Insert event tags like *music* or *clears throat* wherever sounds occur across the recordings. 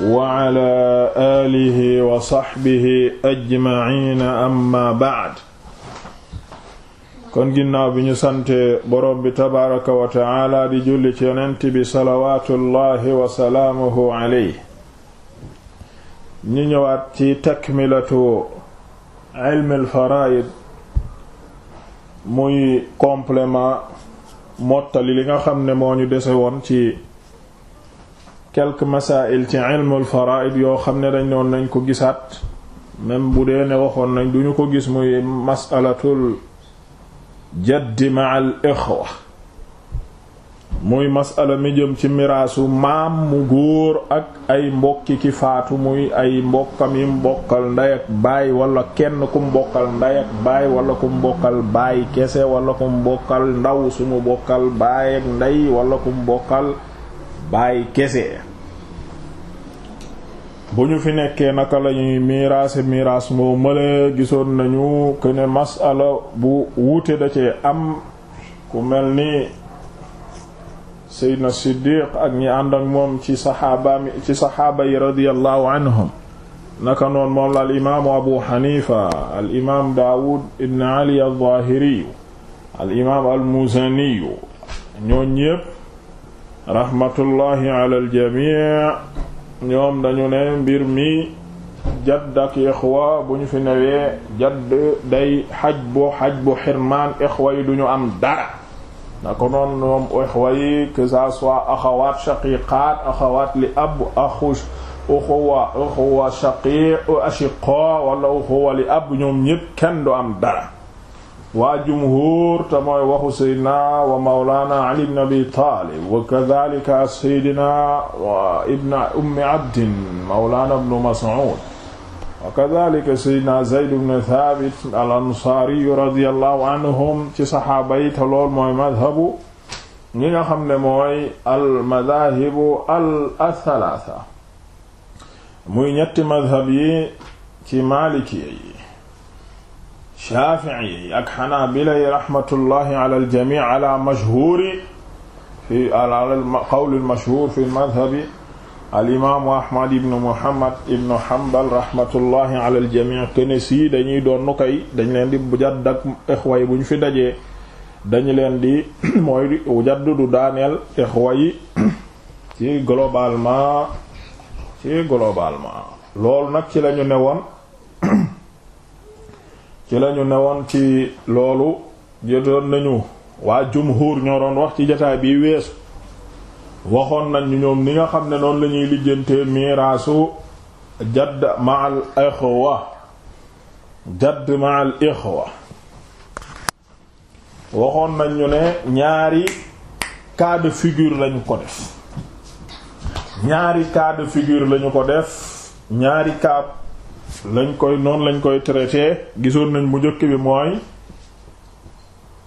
wa ala alihi wa sahbihi ajmaina amma baad kon ginnaaw bi ñu sante boroom bi tabaraka wa taala di julli ci yonent bi salawatullahi wa salaamuhu alayhi ñu ñëwaat ci takmilatu ilmil faraid muy complément mottali li nga xam ne moo ñu dese woon ci quelques masail ci ilmul faraid yoo xam ne dañ doon nañ ko gisaat même bu dee ne waxoon nañ duñu ko gis muy masalatul jaddi ma al ixwa muy masala mi jëm ci miraasu maam mu góor ak ay mbokki ki faatu muy ay mbokkam yi mbokkal nday ak baay wala kenn ku mbokkal nday ak baay wala ku mbokkal baay kese wala ku mbokkal ndaw sumu bokkal baay ak ndey wala ku mbokkal bàyyi kese bu ñu fi nekkee naka lañuy miraase miraas moo mële gisoon nañu ko ne masala bu wuute da cee am ku mel ni Seydina Siddiq ak ñi ànd ak moom ci saxaaba mi ci anhum naka noon moom la al imaamu Abu Xanifa al imaam Daawud ibn Ali al-Zahiri al imaam al-Muzani ñoo ñépp rahmatullahi ala aljamii ñoom dañu ne mbir mi jadd bu ñu fi newee jadd day xaj bu xaj bu xirmaan duñu am dara na ko noon moom ixwa yi que soit axawaat shaqiqaat axawaat li ab axu uxuwa uxuwa wala uxuwa li ab ñoom ñépp kenn du am dara waa jumhur te mooy waxu saydna wa maulana ali ibn abi taalib wa kadhalika saydna ibn ummi abdin maulana ibn mas'ud wa kadhalika saydna zayd ibn thabit al ansaari radiyallahu anhum ci saxaaba yi te lool mooy madhabu ñi nga xam ne mooy al madaahibu al athalaatha muy ñetti madhab yi ci maaliki yi Shaafi'i ak Hanaabila rahmatullahi ala al-jamii' ala mashhuuri fi ala al-qawli al-mashhuur fi madhabi al-imaamu Ahmad ibn Muhammad ibn Hanbal rahmatullahi ala al-jamii' kenesi dañuy doon nu koy dañ leen di jadd ak ixwa yi bu ñu fi dajee dañu leen di *clears throat* mooy jadd du daaneel ixwa yi ci globalement ci globalement loolu nag ci lañu newoon ci lañu newoon ci loolu jotoon nañu waa jumhuur ñoo doon wax ci jotaay bi weesu waxoon nañ ñoom ni nga xam ne noonu la ñuy lijjantee miraasu jadd ma al ixwa jadd ma al ixwa waxoon nañ ñu ne ñaari cas de figure lañu ko def ñaari cas figure lañu ko def ñaari cas lañ koy noonu lañ koy traité gisoon nañ mu njëkk bi mooy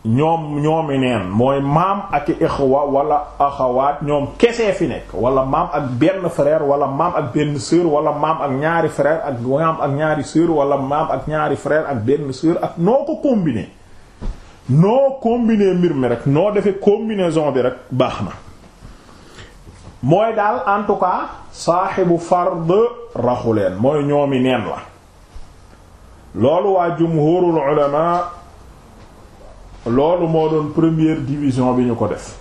ñoom ñoomi neen mooy maam ak ixwa wala axawaat ñoom kesee fi nekk wala maam ak benn frère wala maam ak benn sœur wala maam ak ñaari frère ak maam ak ñaari sœur wala maam ak ñaari frère ak benn sœur ak noo ko combiner noo combiner mbir mi rek noo defee combinaison bi rek baax na mooy daal en tout cas saaxibu fard raxu leen mooy ñoomi neen la loolu waa jumhurul ulama loolu moo doon première division bi ñu ko def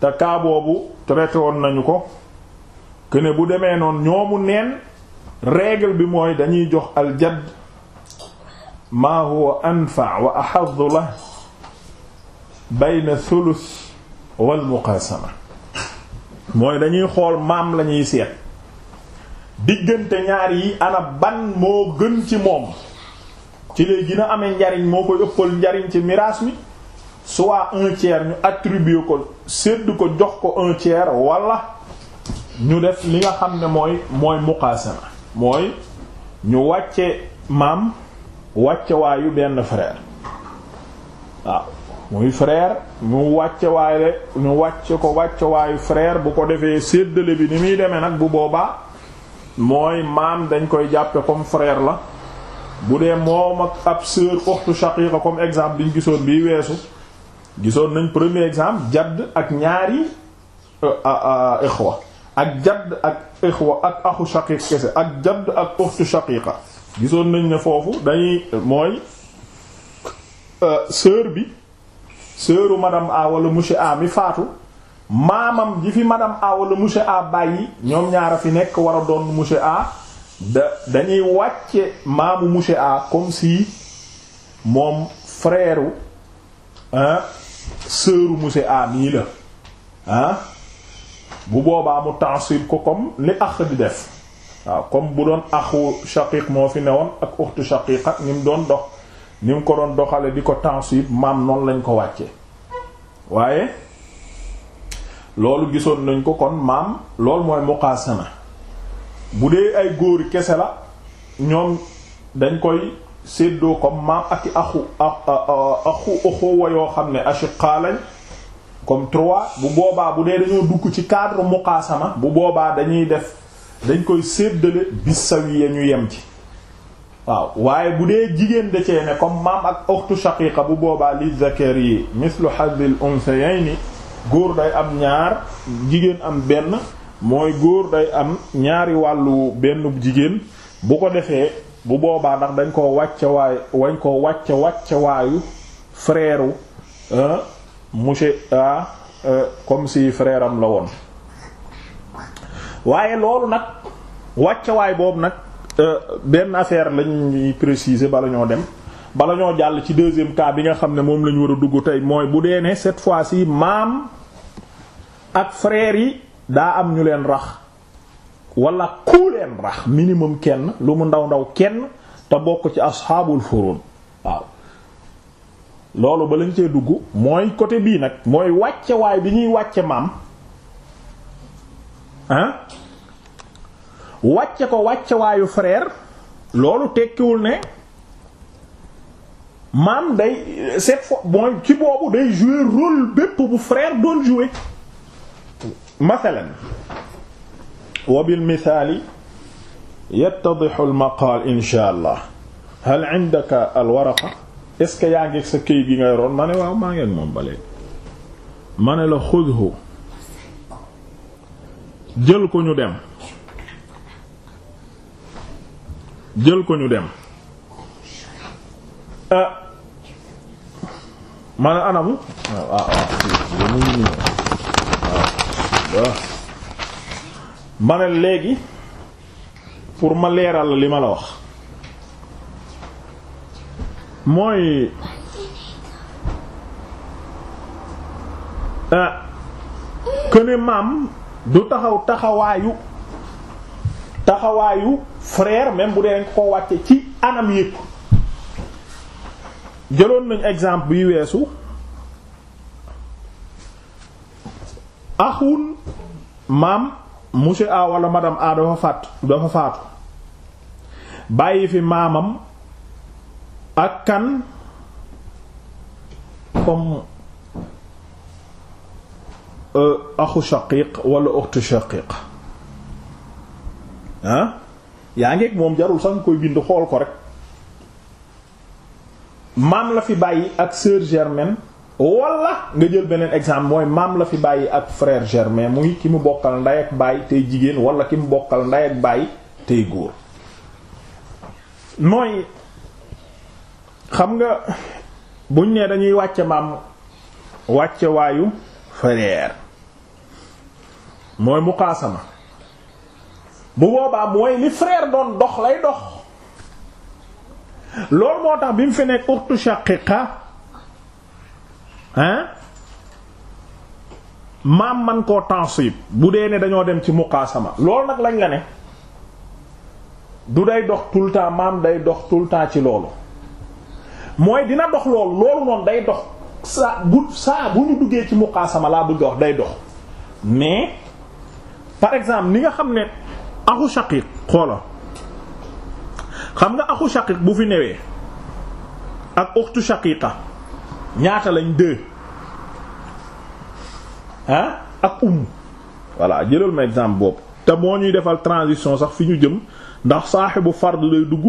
te cas boobu traité woon nañu ko que bu demee noon ñoomu neen règle bi mooy dañuy jox aljadd maa huwa anfa wa axadu la bayna thuluth wal muqaasama mooy dañuy xool maam lañuy seet diggante ñaar yi ana ban moo gën ci moom ci lay gën a njariñ moo koy ëppal njariñ ci miraas mi soit un tiers ñu attribuer ko sedd ko jox ko un tiers wala ñu def li nga xam ne mooy mooy muqaasama mooy ñu wàcce maam wàcce waayu benn frère waaw muy frère mu wàcce waaye ñu wàcce ko wàcce waayu frère bu ko defee séddale bi ni muy demee nag bu boobaa mooy maam dañ koy jàppe comme frère la bu dee moom ak ab sœur uxtu shaqiqa comme exemple bi gisoon bii weesu gisoon nañ premier exemple jadd ak ñaari euh, ixwa ak jadd ak ixwa ak axu shaqiq kese ak jadd ak uxtu shaqiqa gisoon nañ ne foofu dañuy mooy euh, sœur bi seeru madame A wala monsieur A mi faatu maamam ji fi madame A wala monsieur A bàyyi ñoom ñaara fi nekk wara doon monsieur A da dañuy wàcce maamu monsieur A comme si moom frère ah seeru monsieur A la bu boobaa mu tansib ko comme li ax di def waaw comme bu doon axu shaqiq moo fi ne woon ak uxtu shaqiqa ni mu doon dox. ni mu ko doon doxale di ko tansib maam noonu lañ ko wàcce waaye loolu gisoon nañ ko kon maam loolu mooy muqaasama bu dee ay góor kese la ñoom dañ koy séddoo comme maam ak i axu axu axuwa yoo xam ne ashiqa comme trois bu boobaa bu dee dañoo dugg ci cadre muqaasama bu boobaa dañuy def dañ koy séddale bisawiya ñu yem ci waaw waaye bu dee jigéen da cee comme maam ak ukhtu shaqiqa bu boobaa li zakari mislu hadhil unsayayni góor day am ñaar jigéen am benn mooy góor day am ñaari wàllu benn jigéen bu ko defee bu boobaa ndax dañ koo wàcce wañ koo wàcce wàcce waayu frère u monsieur a euh, comme si frère la woon waaye loolu nag wàcce waay boobu nag Euh, benn affaire lañuy préciser bala ñoo dem bala ñoo jàll ci deuxième cas bi nga xam ne moom lañu ñu war a dugg tey mooy bu dee ne cette fois-ci maam ak frère yi daa am ñu leen rax wala ku leen rax minimum kenn lu mu ndaw ndaw kenn te bokk ci asxaabul furuun waaw loolu balañ lañ cee dugg mooy côté bii nag mooy wàcce waay bi ñuy wàcce maam ah wàcce ko wàcce waayu frère loolu tekkiwul ne maam day cette fois mooy ci boobu day jouer rôle bépp bu frère doon jouer mathalan wa est-ce que yaa ngi sa këyit gi la xudhu jël ko ñu dem jël ko ñu dem ah. man a anamu waaw ah, ah, léegi pour ma leeral li ma la wax mooy këne maam du taxaw taxawaayu taxawaayu frère même bu dee dañ ko wàcce ci anam yépp jëloon nañ exemple bi weesu axun maam monsieur a wala madame a dafa faat dafa faatu bàyyi fi maamam ak kan comme euh, axu shaqiq wala uxtu shaqiq ah yaa ngeeg moom jarul sax nga koy bind xool ko rek maam la fi bàyyi ak sœur germaine wala nga jël beneen exemple mooy maam la fi bàyyi ak frère germain muy ki mu bokkal nday ak baay jigéen wala ki mu bokkal nday ak baay tey góor mooy xam nga buñ ne dañuy wàcce maam wàcce waayu frère mooy muqaasama bu boobaa mooy li frère doon dox lay dox loolu moo tax bi mu fi nekk uxtu shaqiqa hein maam man koo tansib bu dee ne dañoo dem ci muqaasama loolu nag lañ la ne du day dox tout temps maam day dox tout temps ci loolu mooy dina dox loolu loolu noonu day dox saa bu saa bu ñu duggee ci muqaasama laa bëgg a wax day dox mais par exemple ni nga xam ne axu shaqiq xoola xam nga aku shaqiq bu fi newee ak uxtu shaqiqa ñaata lañ dë ah ak um voilà jëlal ma exemple boobu te moo ñuy defal transition sax fi ñu jëm ndax saaxibu fard lay dugg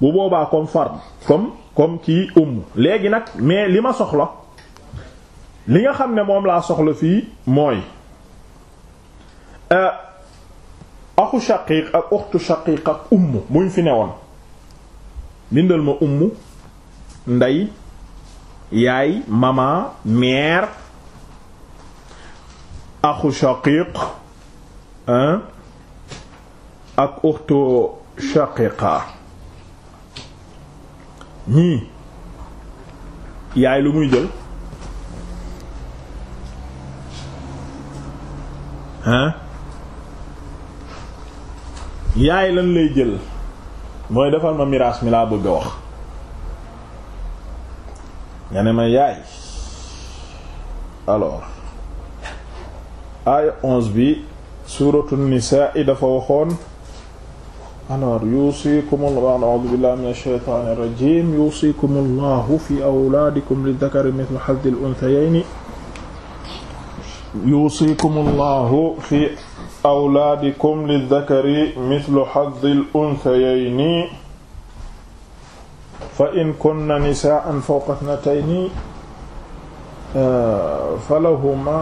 bu boobaa comme fard comme comme ci um léegi nag mais li ma soxla li nga xam ne moom laa soxla fii mooy euh, axu shaqiiq ak uxtu shaqiiq ak umm muñ fi newoon bindal ma umm ndey yaay mama mère axu shaqiiq ak uxtu shaqiiqa ñii yaay lu muy jël hein yaay lan lay jël mooy defal ma miraas mi laa bëgg a wax nga ne ma yaay alors aaya onze bi suratu nisaa i dafa waxoon alors yuusikum allah a'uudu billahi min ash-shaytaani rajiim yuusikum allahu fi awlaadikum lidakari mithlu hazzil unsayayni yuusikum allahu fi awlaadikum lizzakari mithlu hazzil unsayayni fa in kunna nisaa'an fawqa ithnatayni eh, falahuma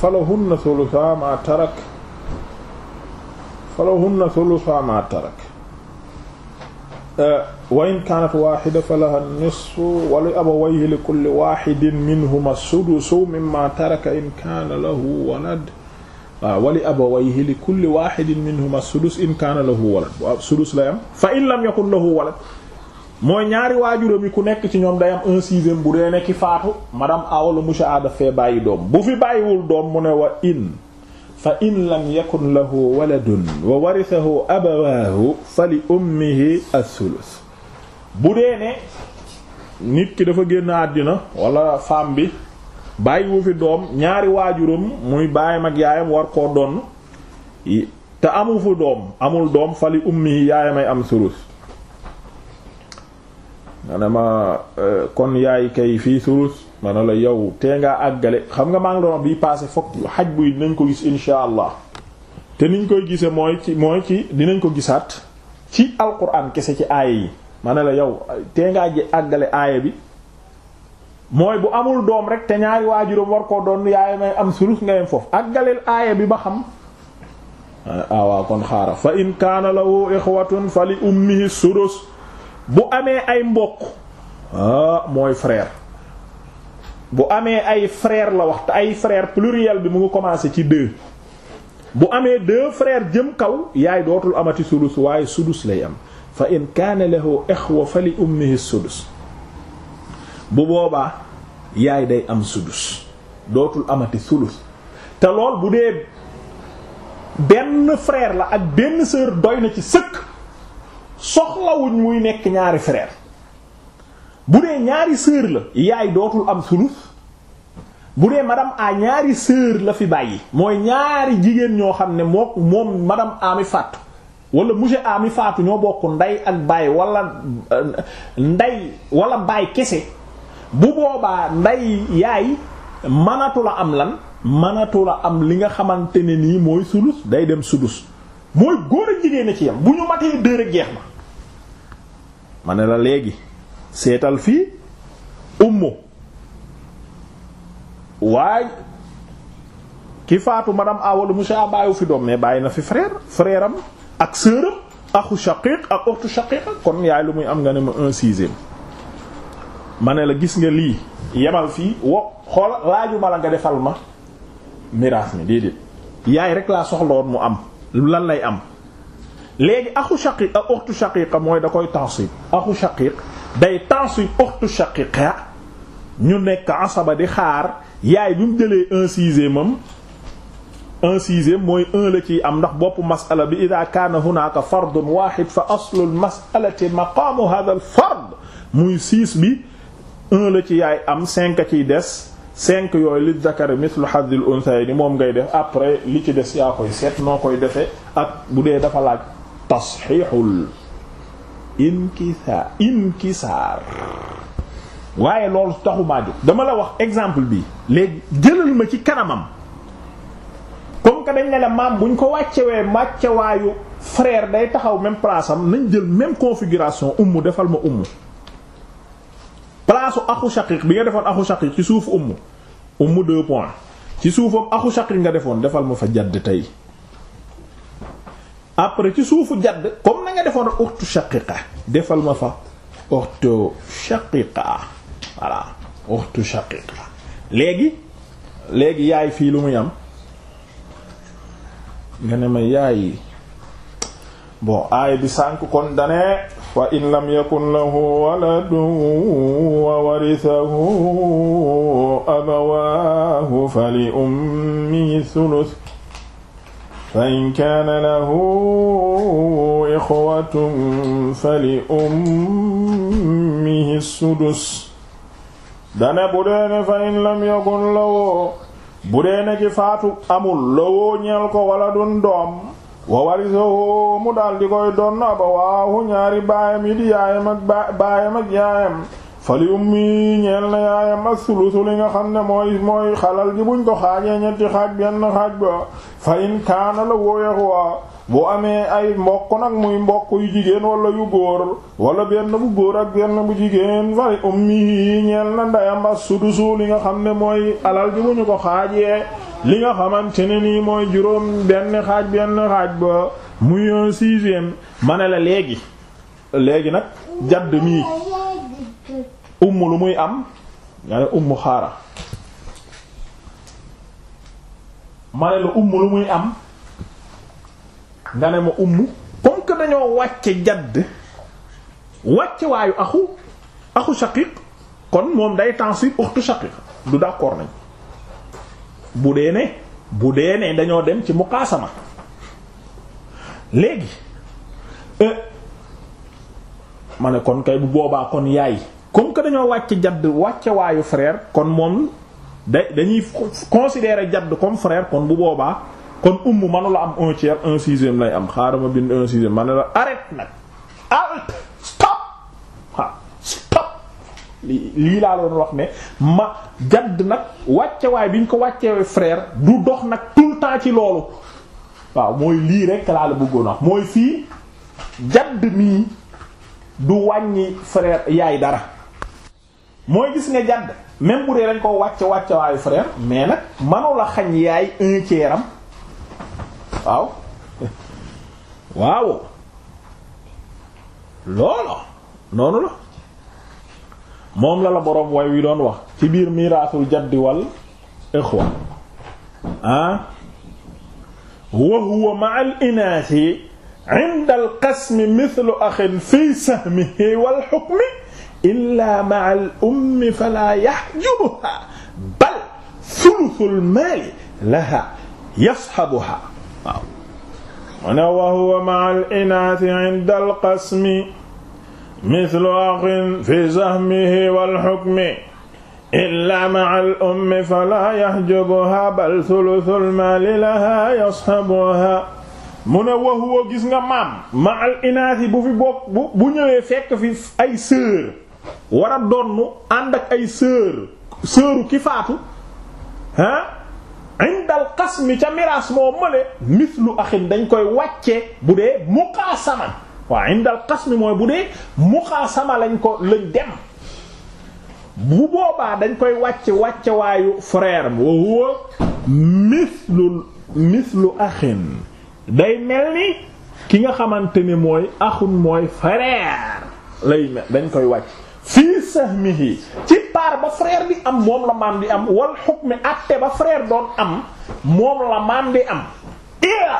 falahunna thuluthaa maa tarak falahunna thuluthaa maa tarak eh, wa in kaanat waahida falahaa nisfu wa li abawayhi likulli waahidin minhumaa sudusu mimmaa taraka in kaana lahu walad waaw wali abawayhi li kulli wahidin minhuma sudus in kaana lahu walad waaw sudus lay am fa in lam yakun lahu walad mooy ñaari waajuram yi ku nekk ci ñoom day am un sixième bu dee nekki faatu madame awalu monsieur a daf fee bàyyi doom bu fi bàyyiwul doom mu ne wa in fa in lam yakun lahu waladun wa warithahu abawaahu fa li ummihi as-sulus bu dee ne nit ki dafa génn àddina wala femme bi bàyyiwu fi doom ñaari waajuram muy baayam ak yaayam war koo donn te amu fu doom amul doom fali ummi yaayam ay am sulus ma ne ma euh, kon yaay kay fii sulus ma ne la yow tee nga àggale xam nga maa ngi doon bi passé fokk xaj buy dinañ ko gis insha allah te niñ koy gise mooy ci mooy ci dinañ ko gisaat ci alquran kese ci aaya yi ma ne la yow tee ngaa ji àggale aaya bi mooy bu amul doom rek te ñaari waajuram war koo doon yaay may am sulus nga foofu ak galil aaya bi ba xam awaa ah, ah, kon xaaral fa in kaana lahu ixwatun fa li ummihi bu amee ay mbokk ah mooy frère bu amee ay frère la wax te ay frère pluriel bi mu ngi commencé ci deux bu amee deux frères jëm kaw yaay dootul amati sulus waaye sudus lay am fa in kaana lahu ixwa li ummihi sudus bu boobaa yaay day am sudus dootul amati sulus te lool bu dee benn frère la ak benn sœur doy na ci sëkk soxlawuñ muy nekk ñaari frère bu dee ñaari sœur la yaay dootul am sulus bu dee madame A ñaari sœur la fi bàyyi mooy ñaari jigéen ñoo xam ne moo moom wala monsieur A mi faatu ñoo bokk ndey ak baay wala euh, ndey wala baay kese bu boobaa nday yaay manatu la am lan manatu la am li nga xamante ne nii mooy sulus day dem sudus mooy góor a jigéen a ci yam bu ñu matee dër a jeex na ma ne la léegi seetal fii ummu waaye ki faatu madame mu monsieur bàyyiwu fi doom mais bàyyi na fi frère frère ak sœur am shaqiq ak ukhtu shaqiqa kon yaay lu muy am nga ne ma un sixième ma ne la gis nga lii yemal fii wo xool laajuma la nga defal ma miraas mi déedéet yaay rek laa soxlawoon mu am lan lay am léegi axu shaqiq ak euh, uxtu shaqiqa mooy da koy tansib axu shaqiq day tansib uxtu shaqiqa ñu nekk asaba di xaar yaay bi mu jëlee un sixième am un sixième mooy un la ciy am ndax boppu masala bi ida kaana hunaka fardun wahid fa aslu al mas'alati maqaamu hadha fard muy six bi un la ci yaay am cinq ciy des cinq yooyu li zakari mithlu hadhil unsayni moom ngay def après li ci des yaa koy seet noo koy defee ak bu dee dafa laaj tasxiixul inkisaar inkisaar waaye loolu taxu maa dama la wax exemple bi léegi jëlal ma ci kanamam comme que dañ ne la maam buñ ko wàccewee wàccewaayu frère day taxaw même place am nañ jël même configuration ummu defal ma ummu place u axu shaqiq bi nga defoon axu shaqiq ci suufu umm umm deux points ci suufam axu shaqiq nga defoon defal ma fa jadd tey après ci suufu jadd comme na nga defoon rek uxtu shaqiqa defal ma fa uxtu shaqiqa voilà uxtu shaqiqa léegi léegi yaay fii lu muy am nga ne ma yaay bon aay bi sànk kon wa in lam yakun lahu waladun wa warisahu abawaahu fali ummihi sulus fa in kaana lahu ixwatun fali ummihi sudus dane bu deene fa in lam yakun lahu bu deene ci faatu amul lawoo ñeel ko waladun doom wa warisahu mu daal di koy doon abawaahu ñaari baayam yi di yaayam ak baayam ak yaayam fali ummi ñeel na yaayam assulusu li nga xam ne mooy mooy xalal ji buñ ko xaajee ñetti xaaj benn xaaj ba fa in kaana la wooyaxuwa bu amee ay mbokk nag muy mbokk yu jigéen wala yu góor wala benn bu góor ak benn bu jigéen fali ummi ñeel na ndeyam assulusu li nga xam ne mooy alal ji ñu ko xaajee li nga xamante ni nii mooy juróom benn xaaj benn xaaj ba muy un sixième ma ne la léegi léegi nag jadd mii umm lu muy am nga ne umm xaara ma ne la umm lu muy am nga ne ma umm comme que dañoo wàcce jadd wàcce waayu axu axu shaqiq kon moom day tansib uxtu shaqiq du d'accord nañ bu dee ne bu dee ne dañoo dem ci muqaasama léegi euh, ma ne kon kay bu boobaa kon yaay comme que dañoo wàcc jadd wàcce waayu frère kon moom da dañuy considérer jadd comme frère kon bu boobaa kon umm mënu la am un tiers un sixième lay am xaaral ma bind un sixième ma ne la arrête nag arrête stop lii laa doon wax ne ma jadd nag wàcce waay bi ñu ko wàcce frère du dox nag tout temps ci loolu waaw mooy lii rek laa la bëggoon wax mooy fii jadd mii du wàññi frère yaay dara mooy gis nga jadd même bu dee dañ ko wàcce wàcce waayu frère mais nag manu la xañ yaay un waaw *laughs* waaw loolu noonu la moom la la boroom way wi doon wax ci biir miraasul jaddi wal ixwa ah wa huwa ma al inaasi inda mithlu axin fi sahmihi wal hukmi illaa ma'a al-ummi falaa yahjubha bal thuluthul maali lahaa yashabuha waaw mu ne wa huwa ma'a al-inaathi 'inda al-qasmi mithlu akhin fi zahmihi wal hukmi illaa ma'a al-ummi falaa yahjubha bal thuluthul maali lahaa yashabuha mu ne wax woo gis nga maam ma al inaath yi bu fi bokk bu bu ñëwee fekk fi ay sœur war a donn ànd ak ay sœur sœuru ki faatu ah indal qasmi ca miraas moo mële mislu axin dañ koy wàcce bu dee muqaasama waaw indal qasmi mooy bu dee muqaasama lañ ko lañ dem bu boobaa dañ koy wàcce wàcce waayu frère wa huwa mislu mislu axin day mel ni ki nga xamante ni mooy axun mooy frère lay mel dañ koy wàcc fii sahmihi ci part ba frère bi am moom la maam di am wal hukmi atte ba frère doon am moom la maam di am ila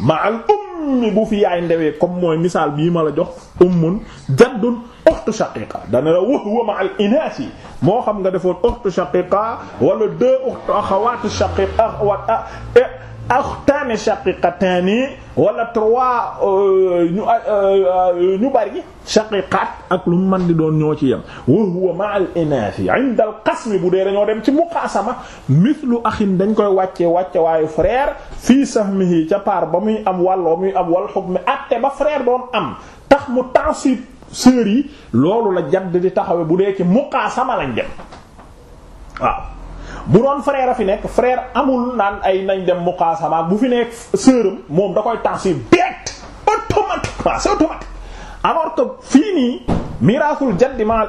ma al ummi bu fi yaay ndewee comme mooy misaal bii ma la jox ummun jaddun ukhtu shaqiqa dana la ma al inaasi moo xam nga defoon ukhtu shaqiqa wala deux ukhtu axawaatu shaqiqa axtaani shaqiqataani wala trois euh, ñu euh, euh, ñu bari shaqiqaat ak lu mu mën di doon ñoo ci yem wa huwa ma'a al inaasi inda al qasmi bu dee dañoo dem ci muqaasama mithlu axin dañ koy wàccee wàcce waayu frère fii sahmihi ca part ba muy am wàlloo muy am wal mi atte ba frère doon am tax mu tansib sœurs yi loolu la jadd di taxawe bu dee ci muqaasama lañ dem waaw bu doon frère a fi nekk frère amul naan ay nañ dem muqaasama bu fi nekk sœuram moom da koy tansib direct automatiquement c'est automatique alors que fii nii miraasul jaddi ma al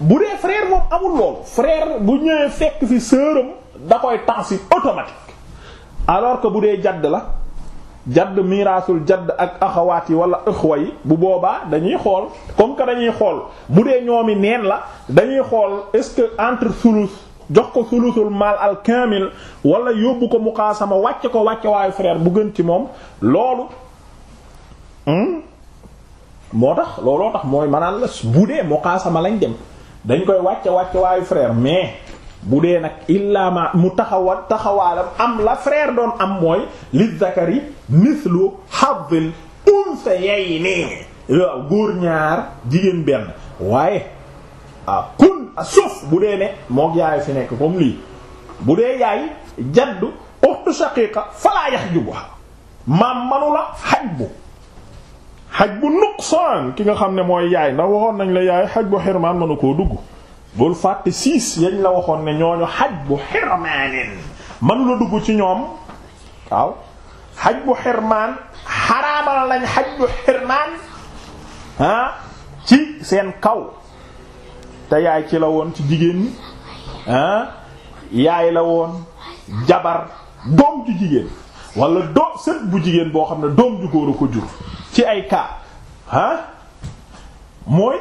bu dee frère moom amul loolu frère bu ñëwee fekk fi sœuram da koy si automatique alors que bu dee jadd la jadd miraasul jadd ak axawaat yi wala ëxwa yi bu boobaa dañuy xool comme que dañuy xool bu dee ñoomi neen la dañuy xool est-ce que entre sulus jox ko sulusul mal al kaamil wala yóbbu ko muqaasama wàcc ko wàcc waayu frère bu gën ci moom loolu hmm, moo tax looloo tax mooy manaan la bu dee muqaasama lañ dem dañ koy wàcc wàcc waayu frère mais bu dee nag illaa ma mu taxawal taxawaalam am la frère doon am mooy li zakari mislu hadhil unsayayni waaw góor ñaar jigéen benn waaye ah kun suuf bu dee ne mook yaay fi nekk comme lii bu dee yaay jadd ukhtu shaqiqa falaa yahjubuha maam manula hajbu hajbu nuqsaan ki nga xam ne mooy yaay ndax waxoon nañ la yaay hajbu hirmaan mënu koo dugg bul fàtte siis yañ la waxoon ne ñooñu xaj bu xirmaanin man la dugg ci ñoom waaw xaj bu xirmaan xaraamal lañ xaj bu xirmaan ah ci seen kaw te yaay ci la woon ci jigéen ñi ah, yaay la woon jabar doom ju jigéen wala doom sët bu jigéen boo xam ne doom ju góor a ko jur ci ay cas ah mooy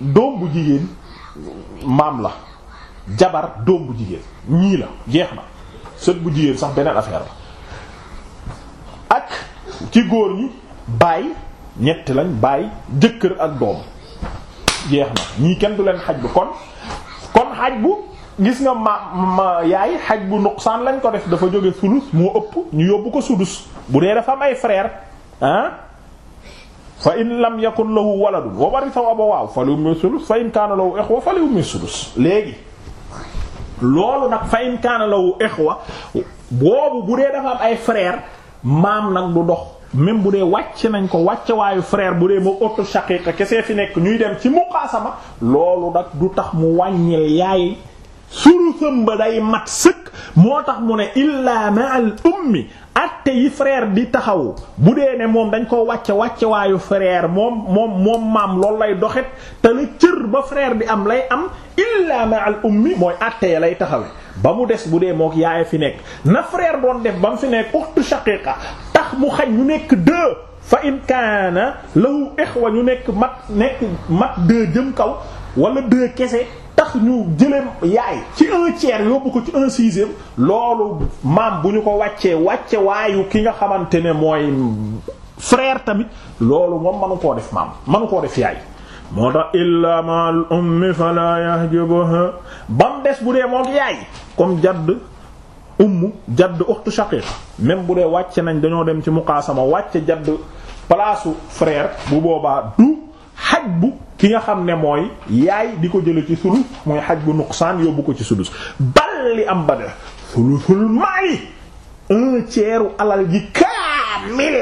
doom bu jigéen maam la jabar doom bu jigéen ñii la jeex na sët bu jigéen sax beneen affaire la ak ci góor ñi baay ñetti lañ baay jëkkër ak doom jeex na ñii kenn du leen xaj bu kon kon xaj bu gis nga ma ma yaay xaj bu nuqsaan lañ ko def dafa jóge fulus moo ëpp ñu yóbbu ko sudus bu dee dafa am ay frère ah fa in lam yakun lahu waladun wa warithahu abawaahu fa li ummi sulus fa in kaana lahu ikhwa fa li ummi sulus léegi loolu nag fa in kaana lahu ikhwa boobu bu dee dafa ay frère maam nag du dox même bu dee wàcc nañ ko wàcc waayu bu dee moo ottu shaqiqa kese fi nekk ñuy dem ci muqaasama loolu nag du tax mu wàññil yaay surusam ba day mat sëkk moo tax mu ne illaa ma al ummi atte yi frère di taxaw bu dee ne moom dañ koo wàcce wàcce waayu frère moom moom maam loolu lay doxet te la cër ba frère bi am lay am illaa ma al ummi mooy atte ya lay taxawe ba mu des bu dee mook yaaya fi nekk na frère doon def ba mu fi nekk uxtu shaqiqa tax mu xaj ñu nekk deux fa in kaana lahu ixwa ñu nekk mat nekk mat deux jëm kaw wala deux kese tax ñu jëlee yaay ci un tiers yóbbu ko ci un loolu maam bu ñu ko wàccee wàcce waayu ki nga xamante ne mooy frère tamit loolu moom manu koo def maam manu koo def yaay moo tax illa ma al ummi fala yahjubuha bam des bu dee moom yaay comme jadd umm jadd uxtu shaqiqa même bu dee wàcce nañ dañoo dem ci muqaasama wàcce jadd palaasu frère bu boobaa du xaj bu ki nga xam ne mooy yaay di ko jële ci sulus mooy xaj bu nuqsaan yóbbu ko ci sulus bal li am ba def sulusul maali un tiers alal ji kaamil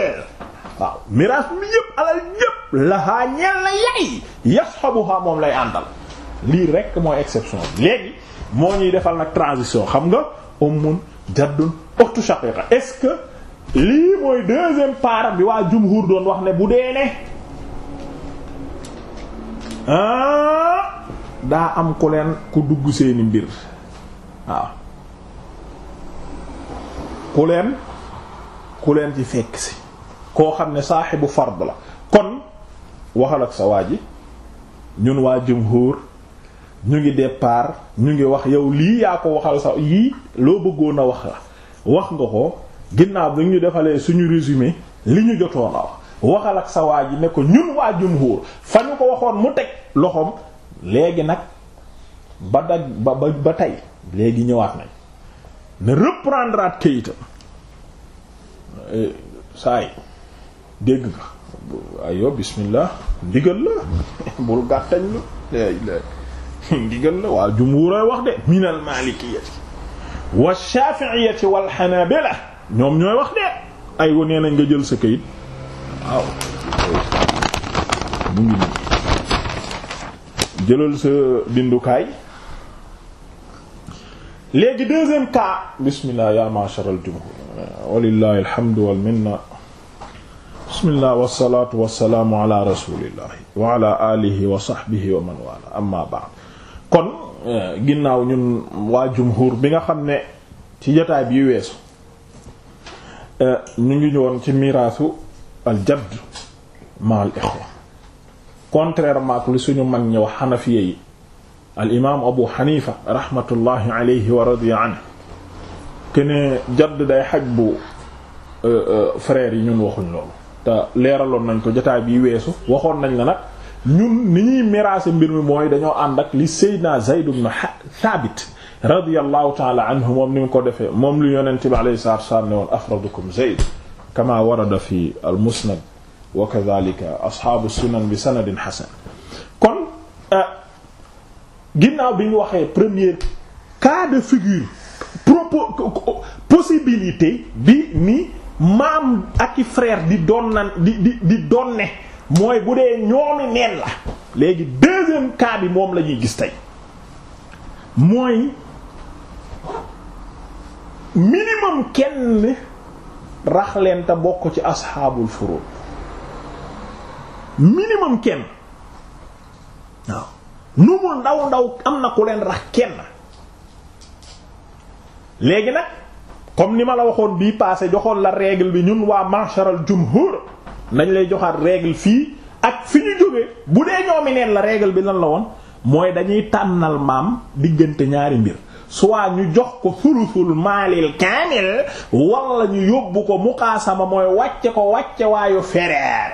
waaw miraas mi yëpp alal yëpp lahaa ñeel la yaay yashabuha moom lay àndal lii rek mooy exception léegi moo ñuy defal nag transition xam nga ummun ce que lii mooy deuxième part bi waa jumhur doon wax ne bu dee ne Ah! daa am ku leen ku dugg seeni mbir waaw ku leen ku leen ci fekk si koo xam ne saaxibu fard la kon waxal ak sa waa ji ñun waa jëm jumhur ñu ngi départ ñu ngi wax yow lii yaa ko waxal sa yii loo bëggoon a wax la wax nga ko ginnaaw bi ñu defalee suñu résumé li ñu jotoon a wax waxal ak sa waa ji ne ko ñun waa jumhuur fa ñu ko waxoon mu teg loxoom léegi nag ba daj ba ba tey léegi ñëwaat nañ ne reprendre at kayitam eh, saa yi dégg nga ayo bismillah ndigal la *laughs* bul gàttañ lu lay lay ndigal la waa jumhuurooy wax de minal maalikiyati wa shaafi'iyati wal hanaabila ñoom ñooy wax de ay wonee nañ nga jël sa kayit waaw mu ngi jëlal sa bindukaay léegi deuxième cas bismillah ya ma'shar al jumhur walillahi alhamdu wal minna bismillah wassalatu wassalamu ala rasulillahi wa ala alihi wa eh, waa jumhur bi nga xam ne ci jotaay bi weesu eh, ñu ngi ñëwoon ci miraasu al jadd ma al ixwa contrairement ak li suñu mag ñi wax xanafiya yi al imaam abu xanifa rahmatullahi alayhi wa radiya anhu kene jadd day xaj bu euh, euh, frère yi ñun waxuñ loolu te leeraloon nañ ko jotaay bi weesu waxoon nañ la nag ñun ni ñuy miraase mbir mi mooy dañoo ànd ak li Seydina Zayd ibn Thabit radiyallahu taala anhu moom ni mu ko defee moom lu yonent bi alayhi salaatu wa salaam ne woon afradukum Zayd kama warada fi al bi sanadin kon ginnaaw bi ñu waxee première cas figure propos bi ni maam ak i frère di doon mooy bu dee ñoomi neen la léegi deuxième cas moom la ñuy gis tey mooy minimum kenn rax te bokk ci asxaabul furuud minimum kenn nu mu ndaw ndaw am na ku leen rax kenn léegi nag comme ni ma la waxoon bii passé joxoon la règle bi ñun waa masharal jumhur nañ lay joxaat règle fii ak fi ñu jógee bu dee ñoomi neen la règle bi lan la woon mooy dañuy tànnal maam diggante ñaari mbir soit ñu jox ko sulusul maalil kaamil wala ñu yóbbu ko muqaasama mooy wàcce ko wàcce waayu fereer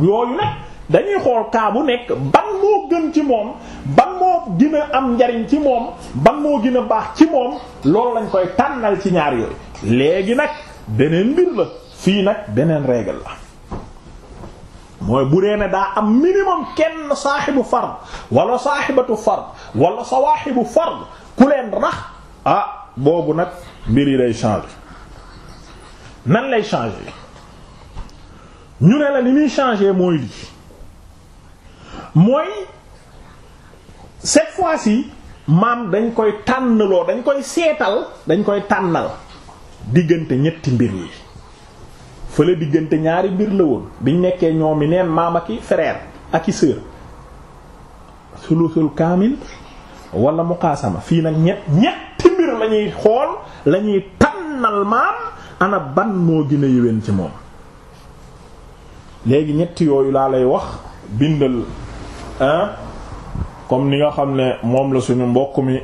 yooyu nag dañuy xool kaa bu nekk ban moo gën ci moom ban moo gën am njariñ ci moom ban moo gën a baax ci moom loolu lañ koy tànnal ci ñaar yooyu léegi nag beneen mbir la fii nag beneen règle la mooy bu dee ne daa am minimum kenn saaxibu fard wala saaxibatu fard wala sawaaxibu fard ku leen rax a ah, boobu nag mbir yi day changer nan lay changer ñu ne la ni muy changer mooy lii mooy cette fois-ci maam dañ koy tànnaloo dañ koy seetal dañ koy tànnal diggante ñetti mbir yi fële diggante ñaari mbir la woon biñ nekkee ñoom mi neen maam ak i frère ak i sœur sulusul kaamil wala muqaasama fii nag ñett ñetti mbir la ñuy xool la ñuy tànnal maam ana ban moo gën a yéwén ci moom léegi ñetti yooyu laa lay wax bindal ah comme ni nga xam ne moom la suñu mbokk mi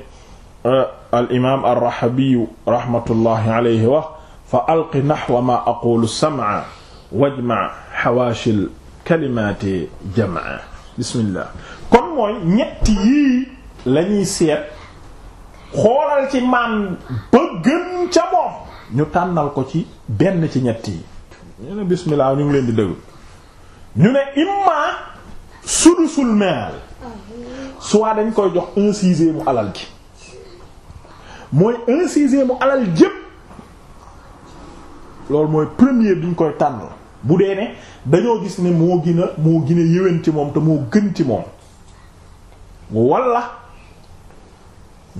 euh, al imaam ar-Rahabi rahmatullahi wax fa alqi nahwa ma aqulu sam'a wajma hawaashil kalimaati jam'a bismillah kon mooy ñetti yii la seet xoolal ci maam ba gën ca moom ñu tànnal ko ci benn ci ñett yi ñu ne bismillah ñu ngi leen di déglu ñu ne imma sudusul maal soit dañ koy jox un mu alal gi mooy un mu alal jëpp loolu mooy premier bi koy tànn bu dee ne dañoo gis ne moo gën a moo gën yéwén ci moom te moo gën ci moom walla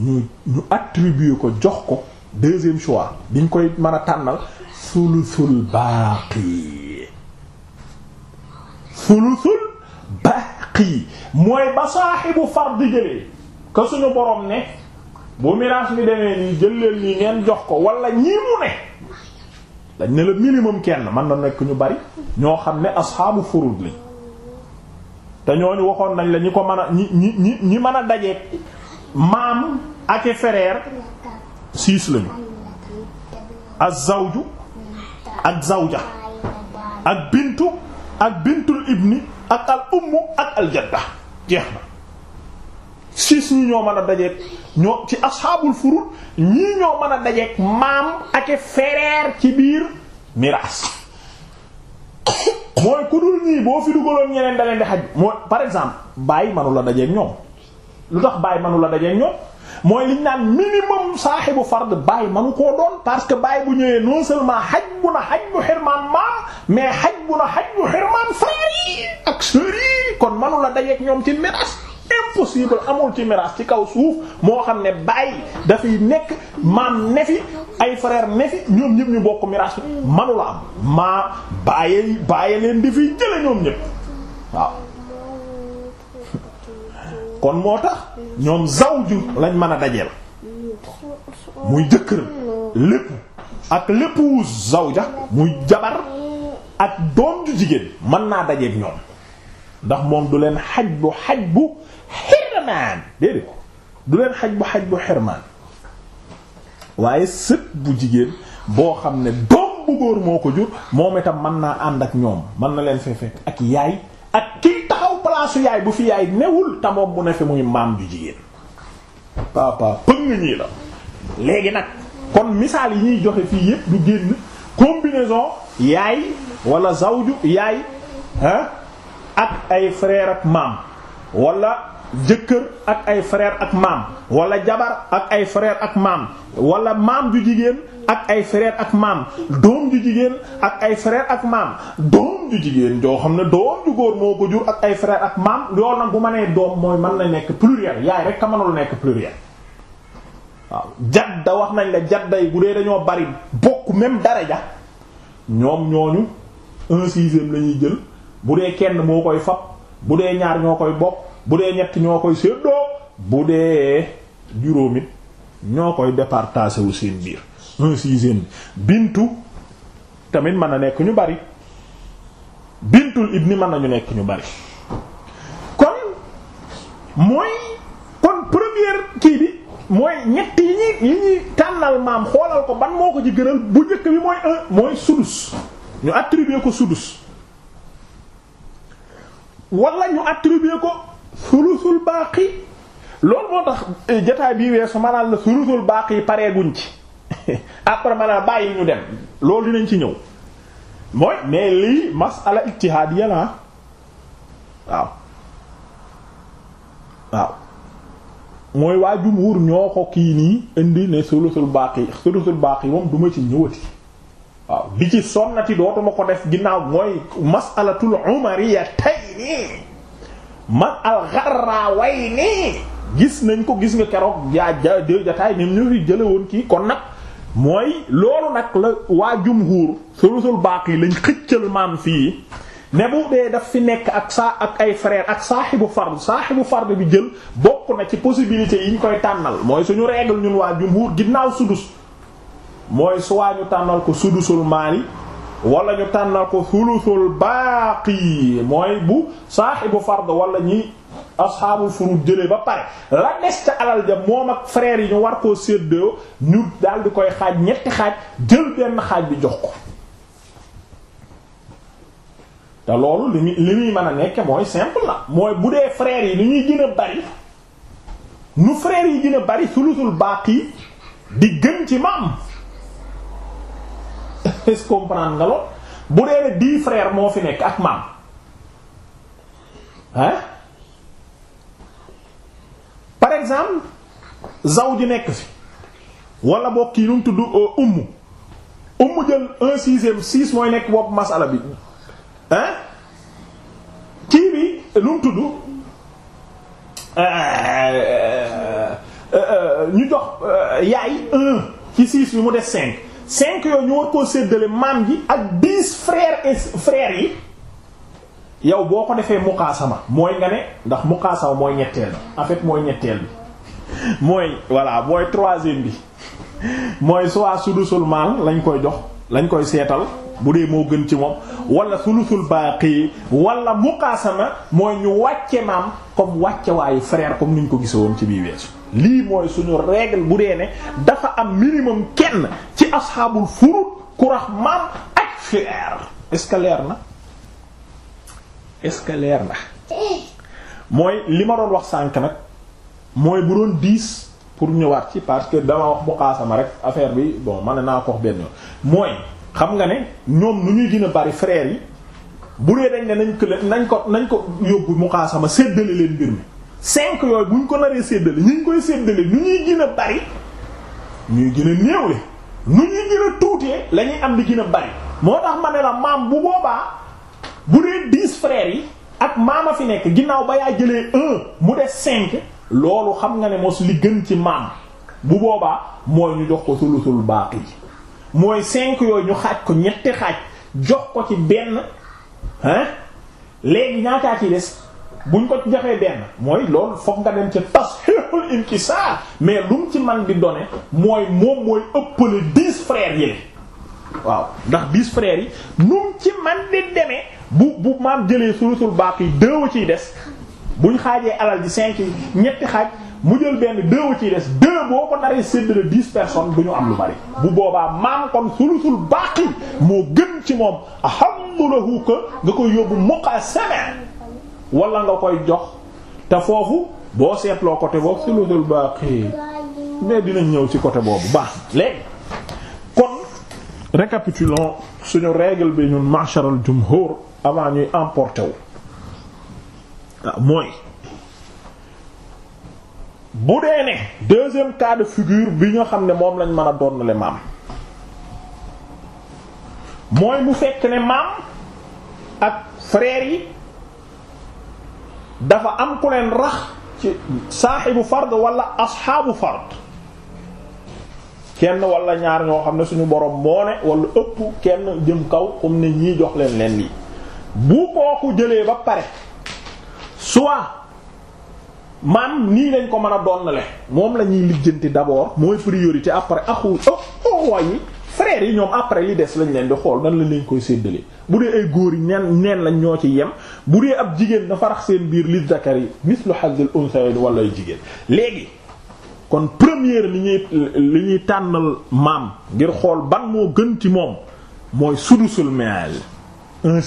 ñu ñu attribuer ko jox ko deuxième choix biñ koy mën a tànnal sulusul baaqi sulusul baaqi mooy ba saaxibu fard jëlee que suñu borom ne bu miraas mi demee nii jël nii ngeen jox ko walla ñii mu ne dañ ne la minimum kenn mën na nekk ñu bari ñoo xam ne asxaabu furud lañ te ñooñu waxoon nañ la ñi ko mën a ñi ñi ñi mën a dajeek maam ak frère six lañu ak zawju ak zawja ak bintu ak bintul ibni ak al ummu ak al jadda jeex na six ñi ñoo mën a dajeek ñoo ci asxaabul furud ñii ñoo mën a dajeek maam ak frère ci biir miraas mooy ku dul ñii boo fi dugaloon ñeneen da leen di xaj par exemple bàyyi manu la dajeek ñoom lu tax baay manu la dajeeg ñoom mooy liñ naan minimum saaxibu fard baay manu koo doon parce que baay bu ñëwee non seulement xaj bu na xaj bu xirmaan ma mais xaj bu na xaj bu xirmaan frère yi ak sœur kon manu la dajeeg ñoom ci miraas impossible amul ci miraas ci kaw suuf moo xam ne baay dafay nekk maam ne fi ay frère ne ñoom ñëpp ñu bokk miraas manu la am maa baaye baaye leen di fiy jële ñoom ñëpp kon moo tax ñoom zawju lañ mën a dajeel muy jëkkër lépp ak lépp wu zawja muy jabar ak doom ju jigéen mën naa dajeeg ñoom ndax moom du leen xaj bu xaj bu xirmaan déedéet du leen xaj bu xaj bu xirmaan waaye sët bu jigéen boo xam ne doom bu góor moo ko jur moom itam mën naa ànd ak ñoom mën na leen fee fekk ak yaay ak kiy taxaw palaasu yaay bu fi yaay newul te moom ne fi muy maam ju jigéen papa pëng ñii la léegi nag kon misaal yi ñuy joxe fii yépp du génn combinaison yaay wala zawju yaay ah ak ay frère ak maam wala jëkkër ak ay frère ak maam walla jabar ak ay ak maam wala maam ju jigéen ak ay frère ak maam doom ju jigéen ak ay frère ak maam doom jigéen joo xam ne doom ju góor moo ko jur ak ay frère ak maam loolu nag bu ma nee doom mooy man na nekk pluriel yaay rek ka mënul nekk pluriel waaw jadda wax nañ la jadda yi bu dee dañoo bari bokk même daraja ñoom ñooñu un sixième la ñuy jël bu dee kenn moo koy fab bu dee ñaar ñoo koy bokk bu dee ñett ñoo koy séddoo bu dee juróomit ñoo koy départager wu seen biir un sixième bintu tamit mën a nekk ñu bari bintul ibni mën nañu nekk ñu bari kon mooy kon première kii bi mooy ñett yi ñuy yi ñuy tànnal maam xoolal ko ban moo ko ci gënal bu njëkk bi mooy mooy sudus ñu attribuer ko sudus wala ñu attribuer ko sulusul baaxi loolu moo tax eh, jotaay bii weesu maanaam la sulusul baaqi pareeguñ ci *laughs* après ma ne bàyyi ñu dem loolu dinañ ci ñëw mooy mais lii masala ijtihaadiya la waaw waaw mooy waa jumhur ñoo ko kii nii indi ne sulusul baaqi sulusul baaqi moom duma ci ñëwati waaw bi ci sonnati dootuma ko def ginnaaw mooy masalatul umariya tey nii ma al gharrawayni gis nañ ko gis nga keroog jaa ja jataay ni ñu fi kii kon nag mooy loolu nag la waa jumhuur sulusul baaq yi lañ xëccal maam fii ne bu dee daf fi nekk ak saa ak ay frère ak saaxibu fard saaxibu fard bi jël bokk na ci possibilité yi ñu koy tànnal mooy suñu règle ñun waa jumhuur ginnaaw sudus mooy soit ñu tànnal ko sudusul maali wala ñu tànnal ko sulusul baaqi mooy bu saaxibu fard wala ñi asxaabul furud jëlee ba pare la des ca alal ja moom ak frère yi ñu war koo séddoo ñu daal di koy xaaj ñetti xaaj jël benn xaaj bi jox ko te loolu li muy li muy a nekk mooy simple la mooy bu dee frères yi li ñuy gën a bari nu frères yi gën a bari sulusul baaqi di gën ci maam *laughs* est-ce nga lool bu dee ne dix frères moo fi nekk ak maam hein par exemple zaw ji nekk fi walla boo kii nu mu tudd umm umm jël un sixième six mooy nekk bopp masala bi hein kii bi nu mu tudd euh, euh, ñu jox yaay un ci six bi mu des cinq cinq yooyu ñu war koo séddale maam ji ak dix frères et yi yow boo ko defee muqaasama mooy nga ne ndax muqaasama mooy ñetteel en fait mooy ñetteel bi *laughs* mooy voilà mooy troisième bi *laughs* mooy soit sulusul maal lañ koy jox lañ koy seetal bu dee moo gën ci moom wala sulusul baaqi wala muqaasama mooy ñu wàcce maam comme wàcce waayu frère comme niñ ko gise woon ci bii weesu lii mooy suñu règle bu dee ne dafa am minimum kenn ci asxaabul furud ku rax maam ak frère est-ce que na est-ce que leer na eh. mooy li ma doon wax sànk nag mooy bu doon diis pour ñëwaat ci parce que dama wax muqaasama rek affaire bi bon man naa ko benn yoon mooy xam nga ne ñoom nu ñuy gën a bari frères yi bu dee dañ ne nañ ko nañ ko nañ ko yóbbu muqaasama séddale leen mbir mi cinq yooyu buñ ko naree séddale ñu ngi koy séddale nu ñuy gën a bari ñuy gën a néewle nu ñuy gën a tuutee la am di gën a bari moo tax ma ne la maam bu boobaa bu dee dix frères yi ak a fi nekk ginnaaw ba yaa jëlee un mu des cinq loolu xam nga ne mos li gën ci maam bu boobaa mooy ñu jox ko sulusul baaqi mooy cinq yooyu ñu xaaj ko ñetti xaaj jox ko ci benn hein léegi ñaataa ci des buñ ko joxee benn mooy loolu fokk nga dem ci tashihul inkisaar mais lu mu ci man di donné mooy moom mooy ëppale dix frères yi waaw ndax dix frères yi nu ci man di demee bu bu maam jëlee sulusul baaqi deux ciy des buñ xaajee alal ji cinq yi ñetti xaaj mu jël benn deux ciy des deux boo ko naree séddale dix personnes bu ñu am lu bari bu boobaa maam kon sulusul baaqi moo gën ci moom alhamdulahu ko nga koy yóbbu muqaa semaine wala nga koy jox te foofu boo seetloo côté boobu sulusul baaqi mais dinañ ñëw ci côté boobu baax léegi kon récapitulons suñu règle bi ñun ma'sharal jumhur avant ñuy emporté wu waaw ah, mooy bu dee ne deuxième cas de figure bi nga xam ne moom lañ mën a doon le maam mooy mu fekk ne maam ak freer yi dafa am ku leen rax ci saaxibu fard walla asxaabu fard kenn wala ñaar ñoo xam ne suñu borom moo ne wala ëpp kenn jëm kaw comme ne ñii jox leen leen lii bu kooku jëlee ba pare soit maam nii lañ ko mën a donnale moom la ñuy lijjanti d'abord mooy priorité après axu owa yi frères yi ñoom après li des lañ leen di xool nan lañ leen koy séddale bu dee ay góor yi neen neen lañ ñoo ci yem bu dee ab jigéen dafa rax seen biir li zakar yi mislu hazil unsayn wala ay jigéen léegi kon première li ñuy li ñuy tànnal maam ngir xool ban moo gën ci moom mooy sudusul maal un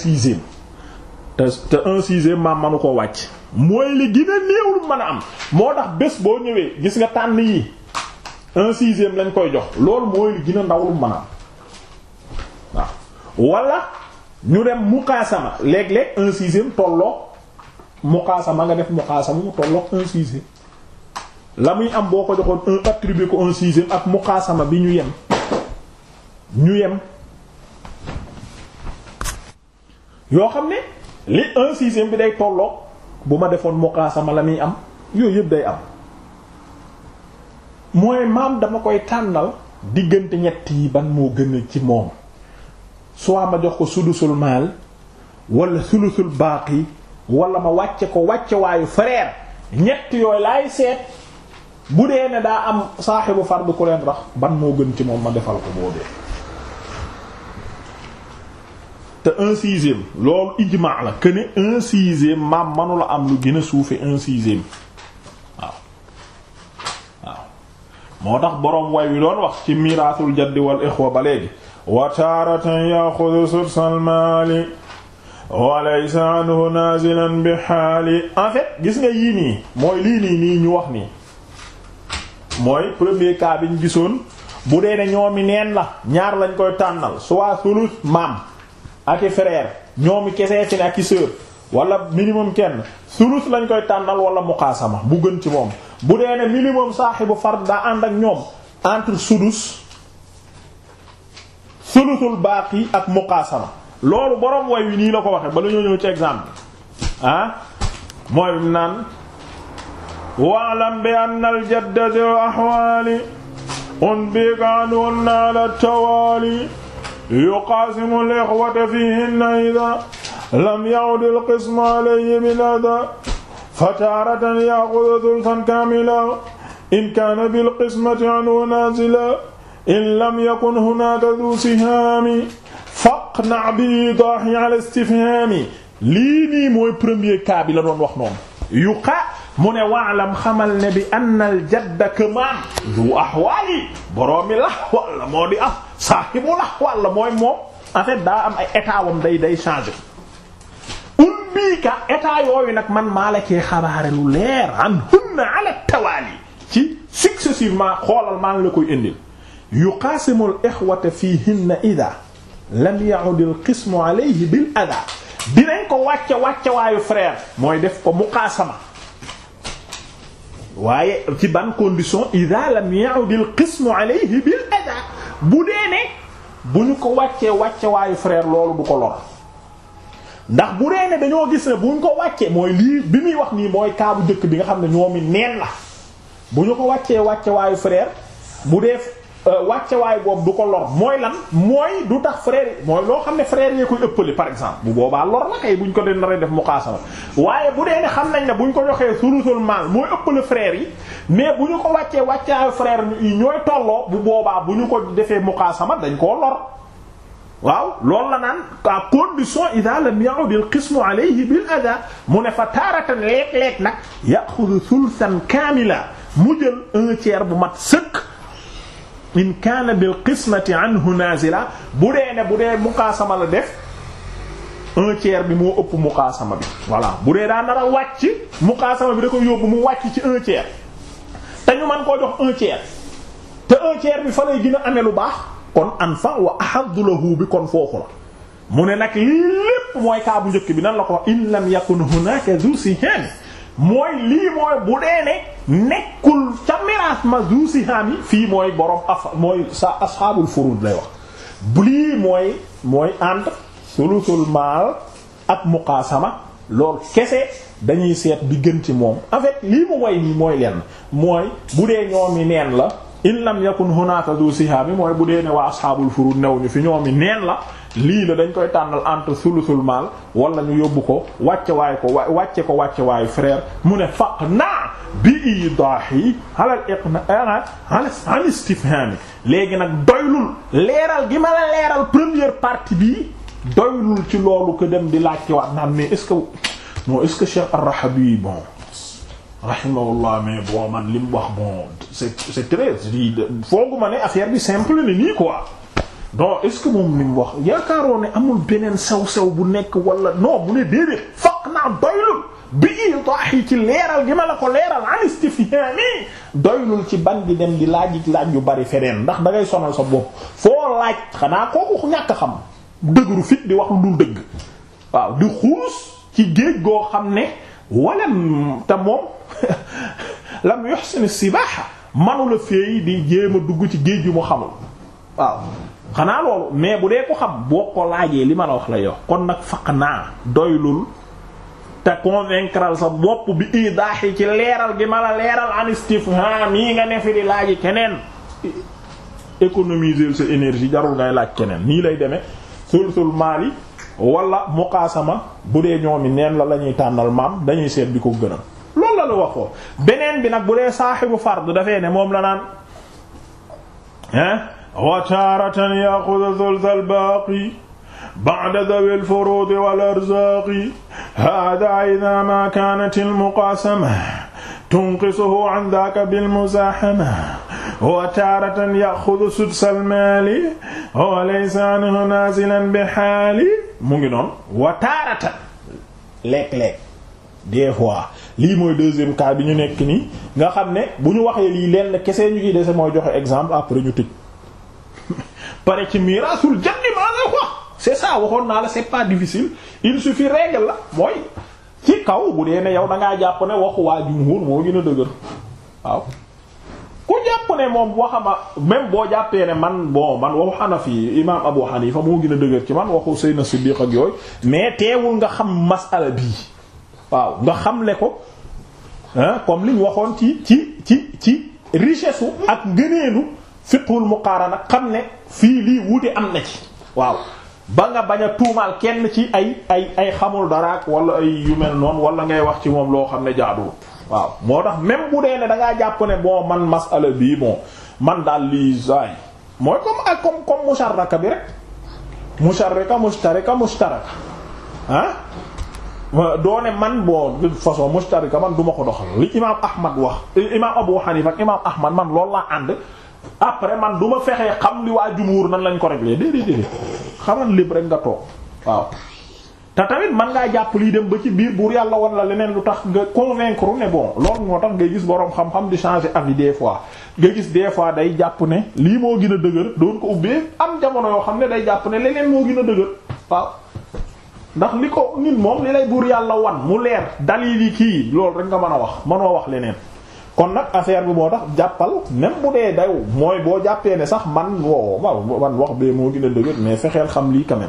te te un sixième ma manu koo wàcc mooy li gën a néew lu a am moo tax bés boo ñëwee gis nga tànn yi un sixième lañ koy jox loolu mooy li gën a ndaw lu mën a am waaw wala ñu dem mukaasama léeg-léeg un sixième tolloog mukaasama nga def mukaasama mu tolloog un sixième la muy am boo ko joxoon un attribué ko un sixième ak mukaasama bi ñu yem ñu yem yoo xam ne li un bi day tolloog bu ma defoon muqaasama la muy am yooyu yëpp day am mooy maam dama koy tànnal diggante ñett yi ban moo gën ci moom soit ma jox ko sudusul maal wala sulusul yi walla ma wàcce ko wàccewaayu waayu frère ñett yooyu laay seet bu dee ne daa am saaxibu far bi ku leen rax ban moo gën ci moom ma defal ko boobee te un sixième loolu ijmaa la que maam manula am lu gën a suufe waaw moo tax boroom way wi doon wax ci miraasul jaddi wal ixwa ba léegi wa taaratan yaxudu sursal maali wa anhu nazilan bi xaali en gis nga yii nii mooy lii nii nii ñu wax nii mooy premier cas gisoon bu dee ne ñoomi neen la ñaar lañ koy tànnal soit sulus maam ak i frère ñoomi kesee ci ne ak i sœur wala minimum kenn sulus lañ koy tànnal wala muqaasama bu gën ci moom bu dee ne minimum saaxibu fard daa ànd ak ñoom entre sudus sulusul baaqi ak muqaasama loolu borom way wi nii la ko waxee ba la ñoo ñëw ci exemple ah mooy bi mu naan waalam bi anna aljaddatu ahwaali un bigaanun ala tawaali yuqaasimu al-ixwata fiihinna idaa lam ya'ud al-qismu alayhi bil-adaa fataaratan ya'xudu thulthan kaamilan in kaana bil-qismati anhu naazilan in lam yakun hunaaka dhuu sihaamin faqna' bihi daahi 'alaa istifhaami lii nii mooy premier cas bi la doon wax noonu yuqaa mu ne waalam xamal ne bi anna al jadda kamaam du ahwaali boroomi la walla moo di ah saahibul ahwaal la mooy moom en daa am ay état wam day day changer umbiika état yooyu nag man maa la cee xabaare lu leer an hunna ala tawaali ci successivement xoolal maa ngi la koy yu yuqaasimu al ixwata fiihinna ida la ya'ud al qismu alayhi bil ada ko wàcce wàcce waayu mooy def ko muqaasama waaye ci ban condition ida la ya'ud al qismu alayhi bil bu dee ne bu ñu ko wàccee wàcce waayu frère loolu du ko lor ndax bu dee ne dañoo gis ne bu ñu ko wàccee mooy lii bi muy wax nii mooy kaabu jëkk bi nga xam ne ñoomi neen la bu ñu ko wàccee wàcce waayu frère bu dee Euh, wàcce waay boobu du ko lor mooy lan mooy du tax frère yi mooy loo xam ne frère yee koy ëppale par exemple bu boobaa lor la kay buñ ko den nar def muqaasama waaye bu dee ne xam nañ ne buñ ko joxee sulusul maal mooy ëppale frère yi mais bu ñu ko wàccee wàccaayu frère yi ñooy tolloo bu boobaa bu ñu ko defee muqaasama dañ koo lor waaw loolu la naan à condition ida lam ya'ud al qismu alayhi bil ada mu ne fa taaratan leeg-leeg nag yaxudu thulthan kaamila mu jël un bu mat sëkk in kaana bil qismati anhu nazila bu dee ne bu dee muqaasama la def un tiers bi moo ëpp muqaasama bi voilà bu dee daa nar wàcc muqaasama bi da koy yóbbu mu wàcc ci un tiers te ñu mën koo jox un te un tiers bi fa lay gën a lu baax kon anfa wa ahaddu lahu bi kon foofu la mu ne nag lii lépp mooy kaa njëkk bi nan la ko in lam yakun hunaka zu sihan mooy lii mooy bu dee ne nekkul ca miraas mazusihaam yi fii mooy borom af mooy sa asxaabul furud lay wax lii mooy mooy ànd sulusul maal ak muqaasama lool kese dañuy seet bi gën ci moom en fait lii mu way nii mooy lenn mooy bu dee ñoomi neen la in lam yakun hunaka zu sihaami mooy bu dee ne waa asxaabul furud new ñu fi ñoomi neen la lii la dañ koy tànnal entre sulusul maal wala ñu yóbbu ko wàcce waay ko wa wàcce ko wàcce waayu frère mu ne faq naa bi idahi ala al iqna ala istifhami léegi nag doylul leeral gi ma la leeral première partie bi doylul ci loolu ko dem di laajte waat naan mais est-ce que moo est-ce que Cheikh Ar-Rahabi bon rahimahullah man li wax bon c'est c'est très fooguma ne affaire bi simple ni nii quoi non est-ce que moom ni mu wax yaakaaroon ne amul beneen sew-sew bu nekk wala non mu ne déedéet faq naa doylul bi iitaax yi ci leeral gi ma la ko leeral an istifhami doylul ci ban di dem di laaj laaj yu bari feneen ndax da ngay sonal sa bopp foo laaj xanaa kooku ñàkk xam dëgru fit di wax lu dul dëgg waaw di xuus ci géej goo xam ne walam te moom *laughs* lam yuhsin sibaha manu la féey di jéem a dugg ci géej yu mu xamul waaw xanaa loolu mais bu dee ko xam boo ko laajee li ma la wax la yox kon nag faq naa doylul te convaincre sa bopp bi idaaxi ci leeral gi ma la leeral an istifham yi nga ne fi di laaji keneen économiser sa énergie jarul ngay laaj keneen nii lay demee sulsul maali wala muqaasama bu dee ñoomi neen la la ñuy tànnal maam dañuy seet bi ko gënal loolu la lu wax ko beneen bi nag bu dee saaxibu fard defee ne moom la naan hein wa taaratan yaaxudu thulthal baaqi ba'da dhawil furuudi wal arzaaqi haadaa idhaa maa kaanatil muqaasama tunqisuhu an dhaaka bil muzaahama wa taaratan yaaxudu sudsal maali wa laysa anhu naazilan bi haali mu ngi noonu wa taaratan léeg-léeg des fois lii mooy deuxième cas bi ñu nekk nii nga xam ne bu ñu waxee lii lenn kese ñu ciy dese mooy joxe exemple après ñu tëj. pare ci miraasul janni maa lay wax c'est ça waxoon naa la c'est pas difficile il suffit règle la mooy ci kaw bu dee ne yow da ngaa jàpp ne waxu waa jumhur moo gën a dëgër waaw. ku jàpp ne moom waxama même boo jàppee ne man bon man waxu Hanafi imaam Abu Hanifa moo gën a dëgër ci man waxu Seydina Siddiq ak yooyu mais teewul nga xam masala bii waaw nga xam le ko comme liñ waxoon ci ci ci ci richesse ak ngëneelu. fiqhul muqaarana xam ne fii lii wuute am na ci waaw ba nga bañ a tuumaal kenn ci ay ay ay xamul daraak wala ay yu mel noonu wala ngay wax ci moom loo xam ne jaaduwul waaw moo tax même bu dee ne da ngaa jàpp ne bon man masala bii bon man daal lii saay mooy comme ak comme comme musharraka bi rek musharraka mushtarika mushtaraka ah doone man bon de man du ko doxal li imaam Ahmad wax imaam man loolu laa ànd après man du ma fexee xam li waa jumuur nan lañ ko réglé déedéet déedéet xamal lépp rek nga toog waaw te tamit man ngaa jàpp lii dem ba ci biir buur yàlla wan la leneen lu tax nga convaincre ne bon loolu moo tax ngay gis boroom xam-xam di changer avis des fois nga gis des fois day jàpp ne lii moo gën a dëgër doon ko ubbee am jamono yoo xam ne day jàpp ne leneen moo gën a dëgër waaw ndax li ko nit moom li lay buur yàlla wan mu leer dalil yi kii loolu rek nga mën a wax mënoo wax leneen kon nag affaire bi moo tax jàppal même bu dee daw mooy boo jàppee ne sax man wow man wax bee moo gën a dëgër mais fexeel xam lii quand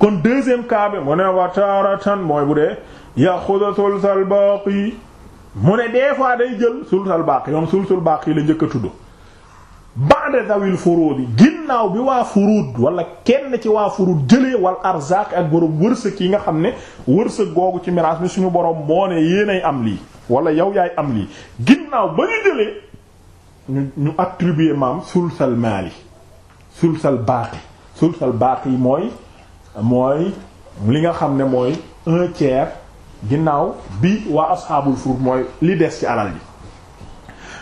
kon deuxième cas bi mu ne dee mooy bu dee yaxuda sulsal baaqi mu ne des fois day jël sulsal baaqi moom sulsul baaqi la njëkk a tudd ba'da zawil furuud yi ginnaaw bi waa furuud wala kenn ci waa furuud jële wal arzaq ak borom wërsëg yi nga xam ne wërsëg googu ci miraas mi suñu borom moo ne yéenay am lii wala yow yaay am lii ginnaaw ba ñu jëlee ñu ñu attribuer maam sulsal maali sulsal baaqi mooy mooy li nga xam ne mooy un tiers ginnaaw bi waa asxaabul furud mooy li des ci alal ji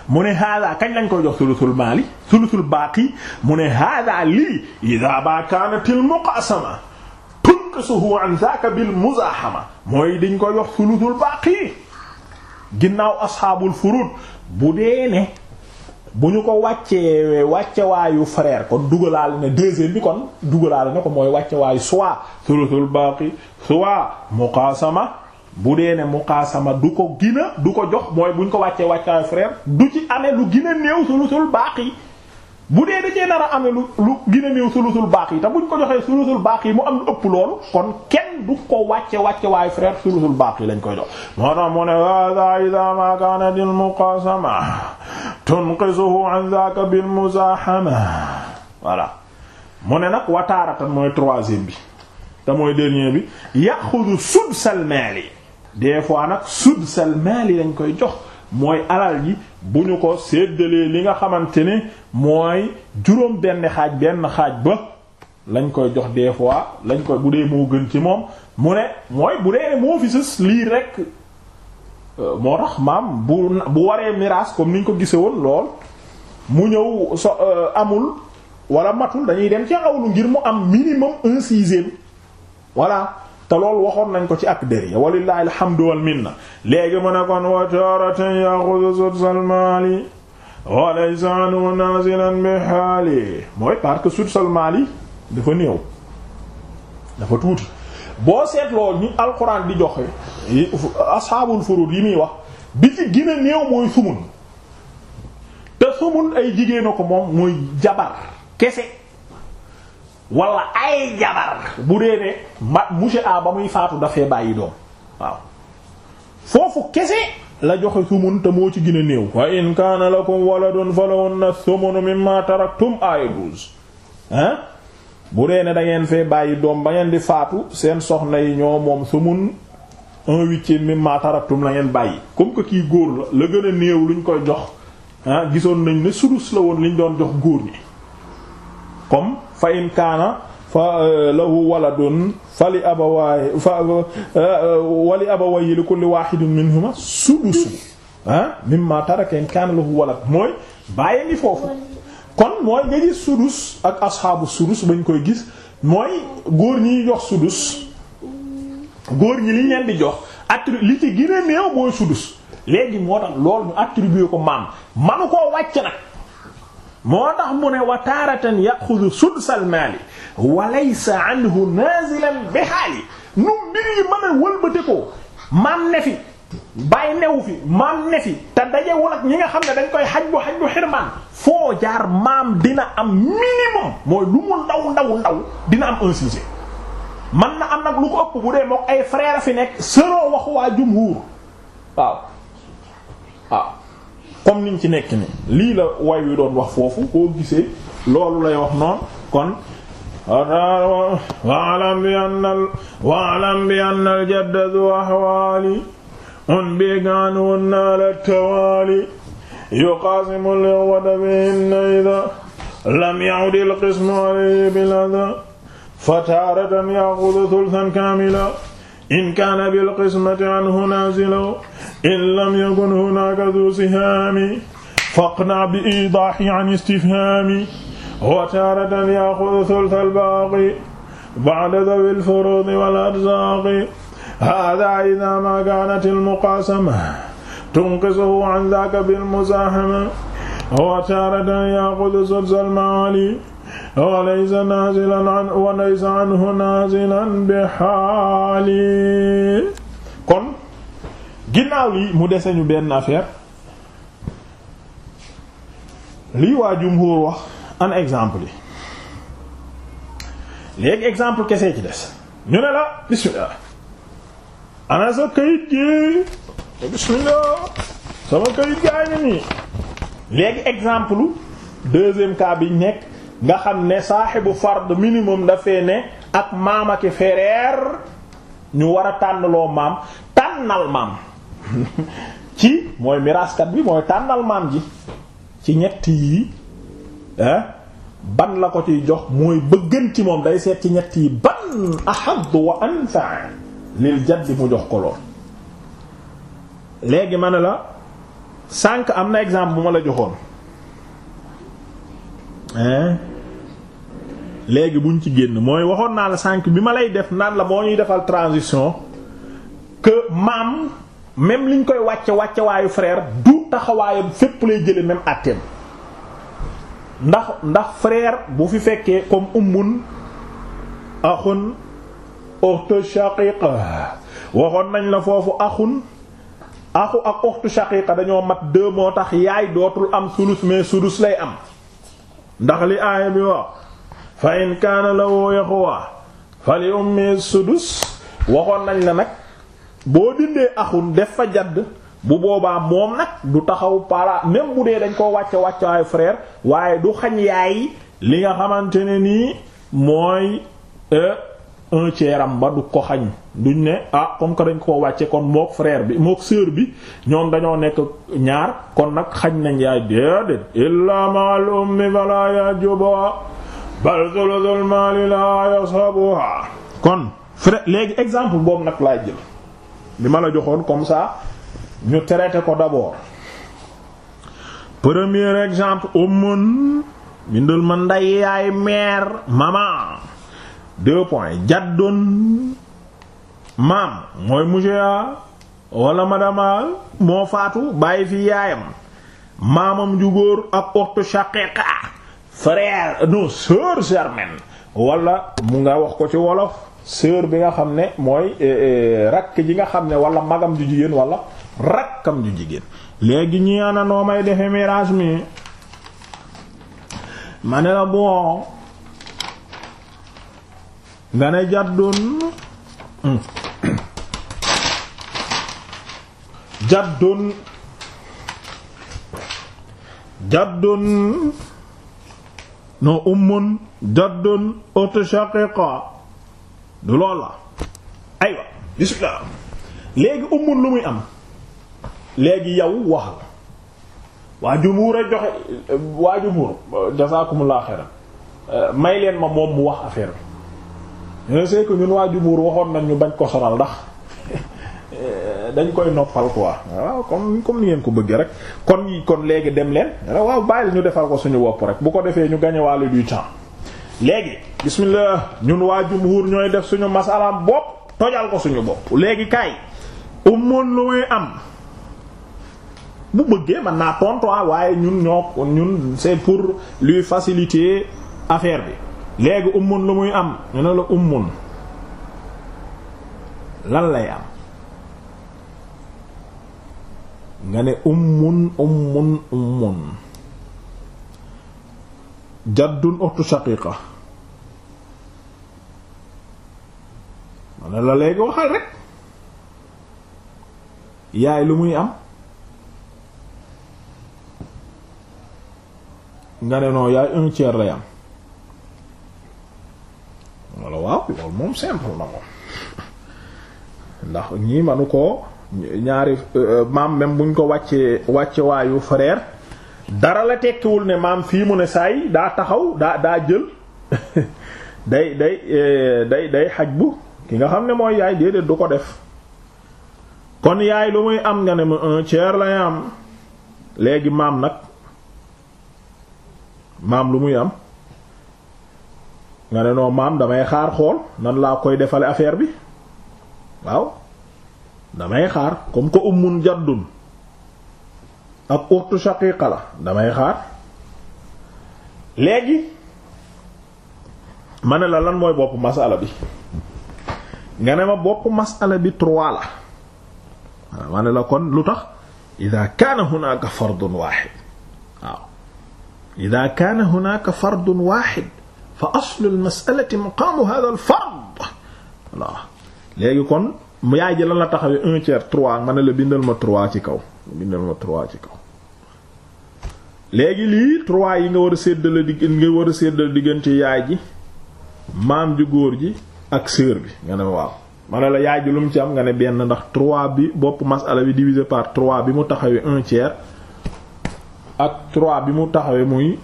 mu ne hada kañ lañ koy jox sulusul maali sulusul baaqi mu ne hada lii ida ba kaanatil muqasama tunqisuhu an zaaka bil muzaahama mooy dañ koy jox sulusul baaqi ginnaaw asxaabul furud bu dee ne bu ñu ko wàccee wàcce waayu frère kon dugalaal ne deuxième bi kon dugalaal na ko mooy wàcce waayu soit sulusul baaqi soit muqaasama bu dee ne muqaasama du ko gina du ko jox mooy bu ñu ko wàccee wàcce waayu du ci amee lu gina néew sulusul baaqi bu dee da cee nar a amee lu lu gën a néew baax yi te buñ ko joxee sulusul baax yi mu am lu ëpp loolu kon kenn du ko wàcce wàcce waaye frère sulusul baax yi lañ koy jox moo tax mu ne hada ida ma kanat al muqasama tunqisuhu an zaka bil muzahama voilà mu ne nag wataaratan mooy troisième bi te mooy dernier bi yaxudu sudsal maali des fois nag sudsal maali lañ koy jox mooy alal yi bu ñu ko séddalee li nga xamante ne mooy juróom benn xaaj benn xaaj ba lañ koy jox des fois lañ koy bu dee moo gën ci moom mu ne mooy bu dee moo fi sës lii rek euh, moo tax maam bu waree miraas comme niñ ko gise woon lool mu ñëw so euh, amul walla matul dañuy dem ci awlu ngir mu am minimum un sixième voilà te loolu waxoon nañ ko ci ak dëri walillahi alhamdu wal minna léegi mu ne kon wa taratan yaxudu sut salmaali walay saanu nazilan bi xaali mooy parce que sut salmaali dafa néew dafa tuuti boo seetloo ñu alxuraan di joxe asxaabul furud yi muy wax bi ci gën néew mooy sumun te sumun ay jigéen a ko moom mooy jabar kese wala ay jabar bu dee ne ma ba muy faatu dafee bàyyi doom waaw foofu kese la joxe sumun te moo ci gën a néew wa in kaana lakum waladun falahunna thumunu mimma taraktum aaya douze hein bu dee ne fee bàyyi doom ba ngeen di faatu seen soxna yi ñoo moom sumun un huitième mimma taraktum la ngeen bàyyi comme que kii góor la la gën a néew luñ koy jox ah gisoon nañ ne sudus la woon liñ doon jox góor ñi comme fa in kaana fa euh, lahu waladun fa li abawaayi fa wali abawaayi li kulli waahidin minhuma sudusu ah mimma taraka in kaana lahu walad mooy bàyyi ngi foofu kon mooy nga gis sudus ak asxaabu sudus bañ koy gis mooy góor ñi jox sudus góor ñi liñ leen di jox attribué li ci gën a néew sudus léegi moo tax loolu ñu attribué ko maam manu koo wàcc nag. moo tax mu ne wa taarata yaxudu sudsal maali wa laysa anhu nazilan bi xaali nu mbir yi mën a wëlbate ko maam ne fi bàyyi newu fi maam ne fi te dajewul ak ñi nga xam ne dañ koy xaj bu xaj bu xirmaan foo jaar maam dina am minimum mooy lu mu ndaw ndaw ndaw dina am un sujet man na am nag lu ko ëpp bu dee mook ay frère fi nekk seroo waxu waa jumhur waaw comme niñ ci nekk ni lii la way wi doon wax foofu koo gisee loolu lay wax noonu kon walam bi annal walam bi annal jadda zu ahwali un bi gaanun naa la tawaali yuqasimu lirwata bihinna ida lam yaudi alqismu alayhi bilada fa taratan yaxudu thulthan kamila in kaana bil qismati anhu naazilo in lam yakun hunaaka du sihaami faqna bi idaahi an istifhaami wa taaratan yaaxudu sulsal baaqi ba'da dawil furuudi wal arzaaqi haadaa idaa maa kaanat al muqaasama tunqisuhu an zaaka bil muzaahama وتارة يأخذ سدس المعالي وليس نازلا عن وليس عنه نازلا بحالي kon ginnaaw li mu dese ñu benn affaire lii waa jumhur wax an exemple yi léegi exemple kese ci des ñu ne la bismillah ana sa kayit gi bismillah sama kayit gaa ngi nii léegi exemple deuxième cas bi nekk nga xam ne saaxibu fard minimum dafee ne ak maam ak ñu war a tànnaloo maam tànnal maam *laughs* ci mooy miraaskat bi mooy tànnal maam ji ci ñett yi ban la ko ciy jox mooy bëggan ci moom day seet ci ñetti yi ban ahad wa anfa lil jadd mu jox ko lool léegi ma ne la sànq am na exemple bu ma la joxoon léegi buñ ci génn mooy waxoon naa la sànq bi ma lay def naan la moo ñuy defal transition que maam même liñ koy wàcce wàcce waayu frère du taxawaayam fépp lay jële même àtteem ndax ndax frère bu fi fekkee comme ummun axun ukhtu waxoon nañ la foofu axun axu ak uxtu shaqiqa dañoo mat deux moo tax yaay dootul am sulus mais sudus lay am ndax li aaya bi wax fa in kaana lahu ikhwa fa li ummi sudus waxoon nañ la nag boo dindee axun def fa jadd bu boobaa moom nag du taxaw para même bu dee dañ koo wàcce wàcce waayu waaye du xañ yaay li nga xamante ne nii mooy euh, un tiers am ba du ko xañ duñ ne ah comme que dañ koo wàcce kon mook frère bi mook sœur bi ñoom dañoo nekk ñaar kon nag xañ nañ yaay déedéet illa ma'al ummi fala yajuba bal thuluthul mali la yasabuha kon frère léegi exemple boobu nag laa jël bi ma la joxoon comme ça ñu traité ko d'abord premier exemple ummun bindul ma nday yaay mère maman deux maam mooy monsieur A wala madame A moo faatu bàyyi fi yaayam maamam ju góor ak oxtu shaqiqa frère non sœur germaine wala mu nga wax ko ci wolof sœur bi nga xam ne mooy eh, eh, rakk ji nga xam ne walla magam ju jigéen wala rakkam ju jigéen léegi ñi ana noo may defe miraas mi ma ne la bon nga ne jàddun Mm. jaddun jaddun no ummun jaddun utashaqiqa du lool la aywa léegi ummun lu muy am léegi yow wax la waa jumhuur a joxe waa jumhuur jazakumullahu xayran may leen ma moom mu wax affaire bi mais c'est que ñun waa jumhur waxoon nañ ñu bañ ko sonal ndax *laughs* dañ koy noppal quoi waaw comme comme ni ngeen ko bëggee rek kon kon léegi dem leen waaw bàyyil ñu defal ko suñu bopp rek bu ko defee ñu gagné wàllu du temps léegi bismillah ñun waa jumhur ñooy def suñu masalaam bopp tojal ko suñu bopp léegi kaay umoon lu muy am bu bëggee man naa tontu waaye ñun ñoo ñun c'est pour lui faciliter affaire bi léegi ummun lu muy am ñu ne la ummun lan lay am nga ne ummun ummun ummun jaddun uxtu shaqiqa ma la léegi waxal rek yaay lu muy am nga ne non yaay un lay am walla waaw moom simple na moom ndax ñii manu ko ñaari euh, maam même buñ ko wàccee wàcce waayu frère dara la tekkiwul ne maam fii mu ne saay daa taxaw daa daa jël *laughs* day day euh, day day xaj bu ki nga xam ne mooy yaay déedéet du ko def kon yaay lu muy am nga ne ma lay am léegi maam nag maam lu muy am nga ne noo maam damay xaar xool nan laa koy defale affaire bi waaw damay xaar comme que ummun jaddun ak uxtu shaqiqa la damay xaar léegi ma ne la lan mooy boppu masala bi nga ne ma bopp masala bi trois la waaw ma ne la kon lu ida kaana hunaka fardun waaxid ida kaana hunaka fardun waaxid fa aslu almasalati maqaamu hada al fard léegi kon yaay ji lan la taxawee un tiers trois ma la bindal ma troit ci kaw bindal ma trois ci léegi lii trois yi nga war a séddale di nga war a séddale diggante yaay ji maam ju góor ji ak sœur bi nga ne waaw ma la yaay ji lu mu ci am nga ne benn ndax trois bi bopp masala bi divisé par trois bi mu taxawee un tiers ak troit bi mu taxawee muy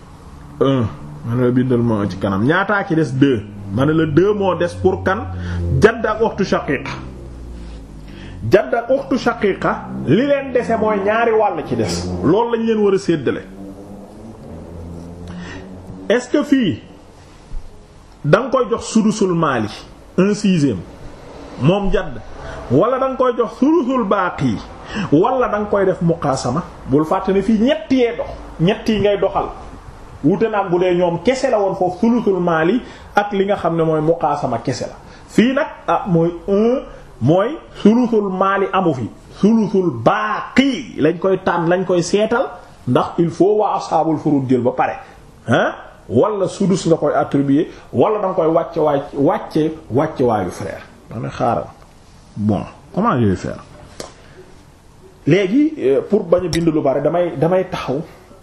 ma ne la bindal moo ci kanam ñaataa ci des deux ma ne la deux moo des pour kan jadd ak uxtu shaqiqa jadd ak uxtu shaqiqa li leen dese mooy ñaari wàll ci des loolu lañ leen war a séddale ce que fii danga nga koy jox sudusul maali un sixième moom jadd wala da nga koy jox sulusul baaqi wala da nga koy def mukaasama bul fàtte fii ñett yee dox ñett yi ngay doxal wute nag bu dee ñoom kese la woon foofu sulusul maali ak li nga xam ne mooy muqaasama kese la fii nag ah mooy un mooy sulusul maali amu fi sulusul baaqi lañ koy tànn lañ koy seetal ndax il faut waa saabul furud jël ba pare ah wala sudus nga koy attribuer wala danga koy wàcce waay wàcce wàcce waayu frère ma xaaral bon comment je vais faire léegi euh, pour bañ a bind lu bari damay damay taxaw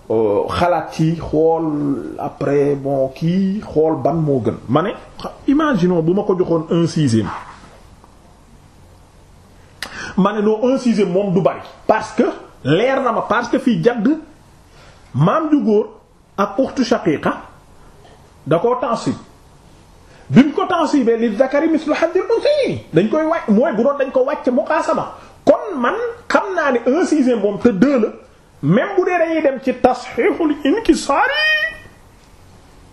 xalaat ci xool après bon kii xool ban moo gën ma ne imaginons bu ma ko joxoon un sixième ma ne loo un sixième moom du bari parce que leer na ma parce que fii jadd maam ju góor ak uxtu shaqiqa da koo tansib biñ ko tansibee li zakari mislu haddil unsayni dañ koy wa mooy bu doon dañ ko wàcc muqaasama kon man xam naa ne un sixième moom te deux la même bu dee dañuy dem ci tasxiixul inkisaari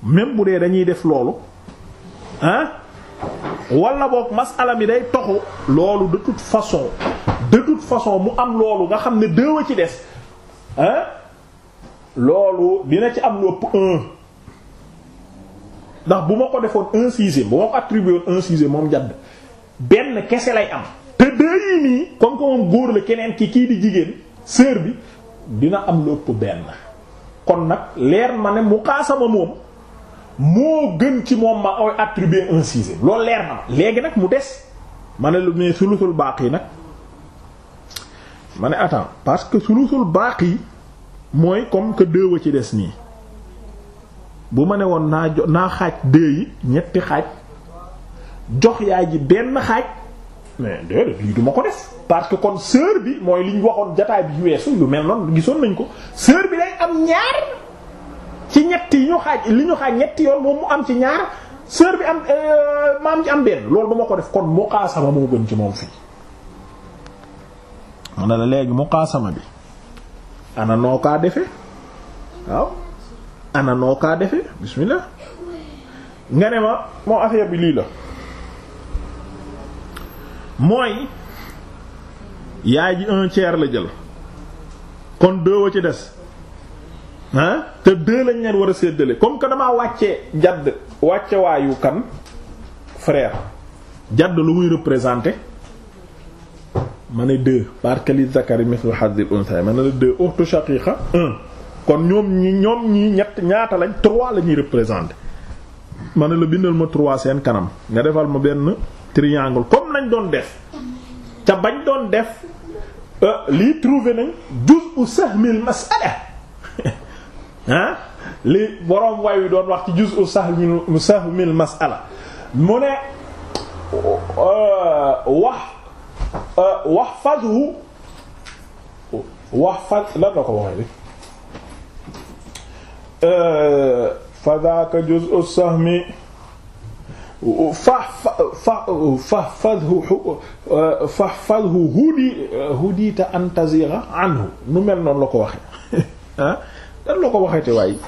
même bu dee dañuy def loolu ah wala boog masala bi day toxu loolu de façon de toute façon mu am loolu nga xam ne deux a ci des ah loolu dina ci am lu ëpp ndax bu ma ko defoon un sixième bu ma ko attribué woon moom jadd benn kese lay am te deux yi nii comme que moom góor la keneen ki kii di jigéen sœur bi dina am lu ëpp benn kon nag leer ma ne muqaasama moom moo gën ci moom ma ooy attribuer un loolu leer na ma léegi nag mu des ma ne lu mais sulusul baaqi nag ma ne attends parce que baax yi mooy comme que deux wa ci des nii bu ma ne woon naa jo naa xaaj deux yi ñetti xaaj jox yaay ji benn xaaj mais déedéet ma ko def parce que kon sœur bi mooy li ñu waxoon jataay bi weesu lu mel noonu gisoon nañ ko sœur bi day am ñaar ci ñetti yi ñu xaaj li ñu xaaj ñetti yoon moom mu am ci ñaar sœur bi am euh, maam ci am benn loolu duma ko def kon muqaasama moo gën ci moom fii. mu ne la léegi muqaasama bi ana noo kaa defee waaw ana noo kaa defee bismillah nga ne ma moo affaire bi lii la. mooy yaay ji un tiers la jël kon deux wa ci des ah te deux lañ leen war a seddale comme que damaa wàcce jadd wàcce waayu kan frère jadd lu muy représenter ma ne deux parce que li zakari mithlu hadhil unsay ma ne la deux ukhtu shaqiqa un kon ñoom ñi ñoom ñi ñett ñaata lañ trois la ñuy représenter ma ne la bindal ma trois seen kanam nga defal ma benn triangle comme nañ doon def ca bañ doon def euh, lii trouvé nañ juz'u sahmil mas'ala ah *laughs* li boroom way wi doon wax ci juz'u sahmil sahmil mas'ala mu ne euh, wax euh, wax fadhu wax fad lan la ko waxee bi fadaka juz'u sahmi fa fa fahfadhu fahfadhu hudi hudita an tazira anhu nu mel noonu la ko waxe *laughs* ah dan la ko waxete waay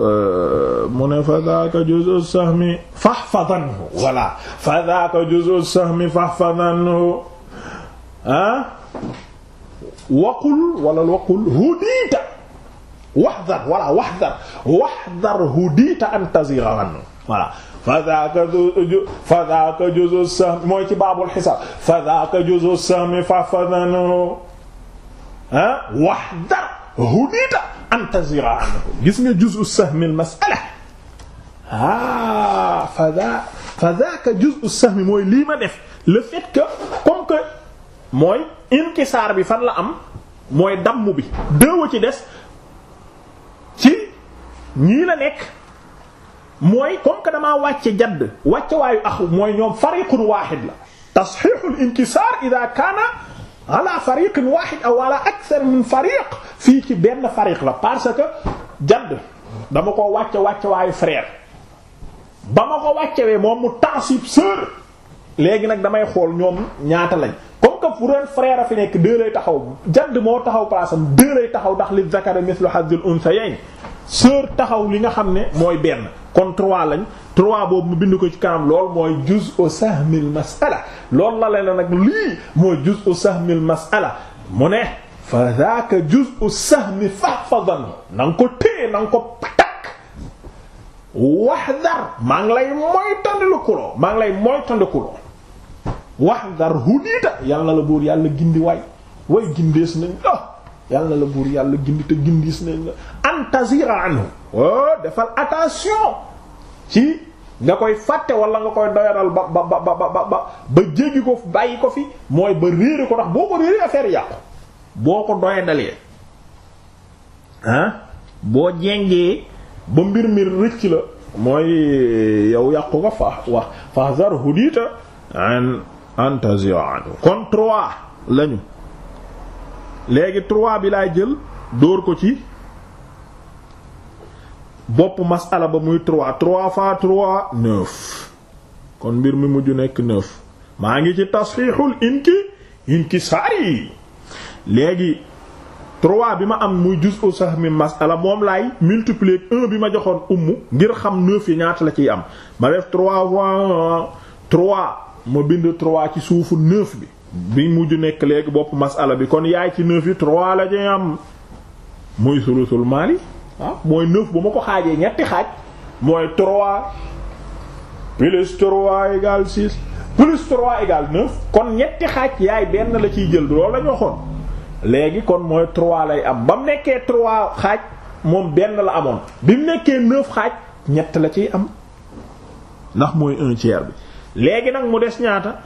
euh, mu ne fa daaka juzu sahmi fahfadanhu voilà fa daaka juzu sahmi fahfadanhu ah waqul wala waqul hudita wahdar voilà wahdar wahdar hudita an tazira anhu voilà fa dhaka juzu fa dhaka juzu sahm mooy ci baabul xisaab fa dhaka juzu sahmi fahfadhanu ah wahdar hudita an tazira anhu gis nga juzu sahmi al mas'ala ah fa dha fa dhaka juzu sahmi mooy lii ma def le fait que comme que mooy inkisaar bi fan la am mooy damm bi deewa ci des ci ñii la nekk mooy comme que damaa wàcce jadd wàcce waayu axu mooy ñoom fariqun wahid la tasxixul inkisaar ida kaana ala fariqin wahid aw ala akthar min fariq fii ci benn fariq la parce que jadd dama ko wàcce wàcce waayu frère ba ma ko wàccewee moom mu tansib sœur léegi nag damay xool ñoom ñaata lañ comme que fu doon frère a fi nekk deux lay taxaw jadd moo taxaw place am deux lay taxaw ndax li zakara mithlu hazzil unthayayn sœur taxaw li nga xam ne mooy benn kon trois lañ trois boobu mu bind ko ci kanam lool mooy juz'u sahmil mas'ala loolu la leen nag lii mooy juz'u sahmil mas'ala mu ne fa zaaka juz'u sahmi fahfadan na nga ko téye na ko patak wahdar maa ngi lay moytandikuloo maa ngi lay moytandikuloo wahdar hudiita yàlla la buur yàlla gindi waay way gindees nañ la yàlla la buur yàlla gindi te gindis nañ la antazira anhu wa oh, defal attention ci nga koy fàtte wala nga koy doyadal ba ba ba ba ba ba ko bàyyi ko fi mooy ba réere ko ndax boo ko réere affaire yàqu boo ko doyadalee ah boo ba mbir mi rëcc la yow yàqu nga lañu léegi trois bi laay jël dóor ko ci bopp masala ba muy trois trois fois trois neuf kon mbir mi mujj nekk neuf maa ngi ci tasxiixul inki inki saar yi léegi trois bi ma am muy juz'u sahmi masala moom laay multiplier un bi ma joxoon umm ngir xam neuf yi ñaata la ciy am ma def trois fois trois ma bind trois ci suufu neuf bi bi mujj nekk léegi bopp masala bi kon yaay ci neuf yi trois la ñuy am muy sulusul maali ah mooy neuf bu ma ko xaajee ñetti xaaj mooy trois plus trois égale six plus trois égale neuf kon ñetti xaaj yaay benn la ciy jël loolu la ñu léegi kon mooy trois lay am ba mu nekkee trois xaaj moom benn la amoon bi mu nekkee neuf xaaj ñett la ciy am ndax mooy un tiers bi léegi nag mu des ñaata.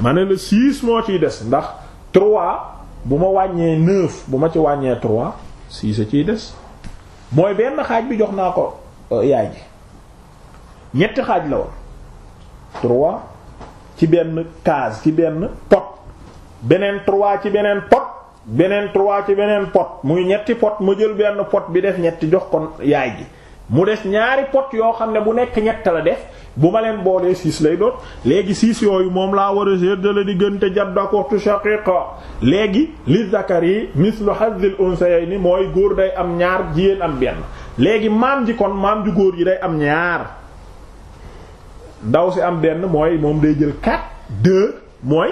ma ne la 6 moo ciy des ndax 3 bu ma wàññee 9 bu ma ci wàññee 3 6 a ciy des mooy benn xaaj bi jox naa ko euh, yaay ji ñetti xaaj la woon 3 ci benn case ci benn pot beneen 3 ci beneen pot beneen 3 ci beneen pot muy ñetti pot ma jël benn pot bi def ñetti jox ko yaay ji mu des ñaari pot yoo xam ne bu nekk ñett la def. bu ma leen boolee siis lay doon léegi siis yooyu moom laa war a séddale diggante jadd ak waxtu shaqiqa léegi li zakari mislu hazzil unsayayni mooy góor day am ñaar jigéen am benn léegi maam ji kon maam ju góor yi day am ñaar ndaw si am benn mooy moom day jël 4 2 mooy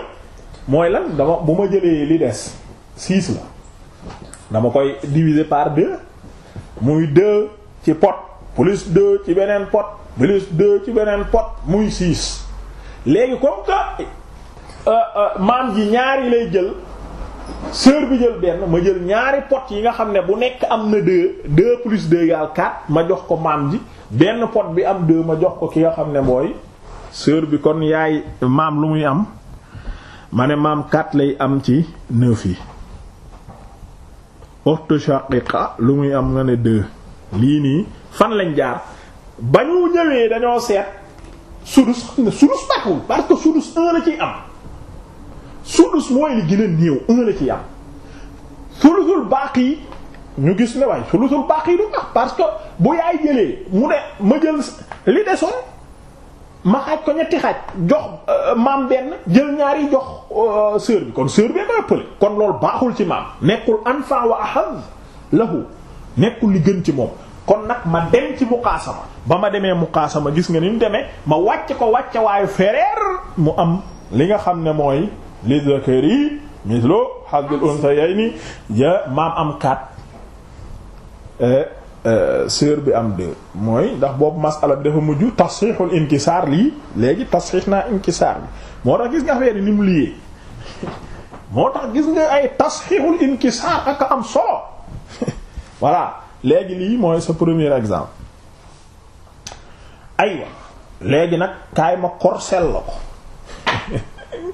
mooy lan dama bu ma jëlee li des 6 la dama koy diviser par 2 muy 2 ci pot plus 2 ci beneen pot plus deux ci beneen pot muy six léegi comme que euh, euh, maam ji ñaari lay jël sœur bi jël benn ma jël ñaari pot yi nga xam ne bu nekk am na deux deux plus deux égale quatre ma jox ko maam ji benn pot bi am deux ma jox ko ki nga xam ne mooy sœur bi kon yaay maam lu muy am ma ne maam quatre lay am ci neuf yi oxtu shaqiqa lu muy am nga ne deux lii nii fan lañ jaar ba ñu ñëwee dañoo seet sudus sudus bàkkul parce que sudus un ciy am sudus mooy li gën a néew un la ciy am sulusul baaq yi ñu gis ne waaye sulusul baaq yi du baax parce que bu yaay jëlee mu ne ma jël li desoon ma xaaj ko ñetti xaaj jox euh, maam benn jël ñaari jox euh, sœur bi kon sœur bi ma ëppale kon loolu baaxul ci maam nekkul anfa wa ahad lahu nekkul li gën ci moom kon nag ma dem ci muqaasama ba ma demee muqaasama gis nga ni mu demee ma wàcc ko wàcce waayu fereer mu am li nga xam ne mooy li zakari mislu hazzul unsayayni ja maam am quatre eh, eh, sœur bi am deux mooy ndax boobu masala bi dafa mujj tasxiixul inkisaar lii léegi tasxiix naa inkisaar bi moo tax gis nga affaire ni mu liyee *laughs* moo tax gis nga ay tasxiixul inkisaar ak am solo *laughs* voilà léegi lii mooy sa premier exemple aywa léegi nag kaay ma korsel la ko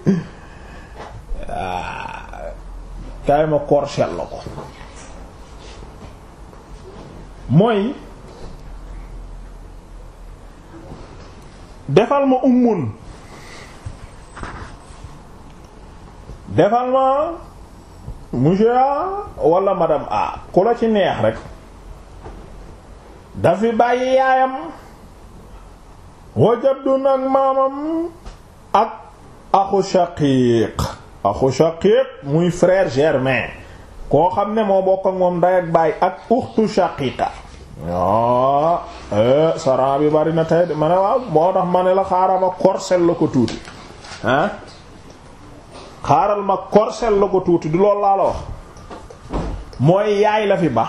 *laughs* kaay ma korsel la ko mooy defal ma ummun defal ma monsieur A wala A ku la ci neex rek dafi bàyyi yaayam wa jaddun ak maamam ak axu shaqiiq axu shaqiiq muy frère germain koo xam ne moo bokk ak moom nday ak baay ak uxtu shaqiiqa waa ah, eh, bi bari na tey ma ne waaw moo tax ma ne la xaaral ma korsel la ko tuuti ah xaaral ma korsel la ko tuuti du loolu laa la wax mooy yaay la fi ba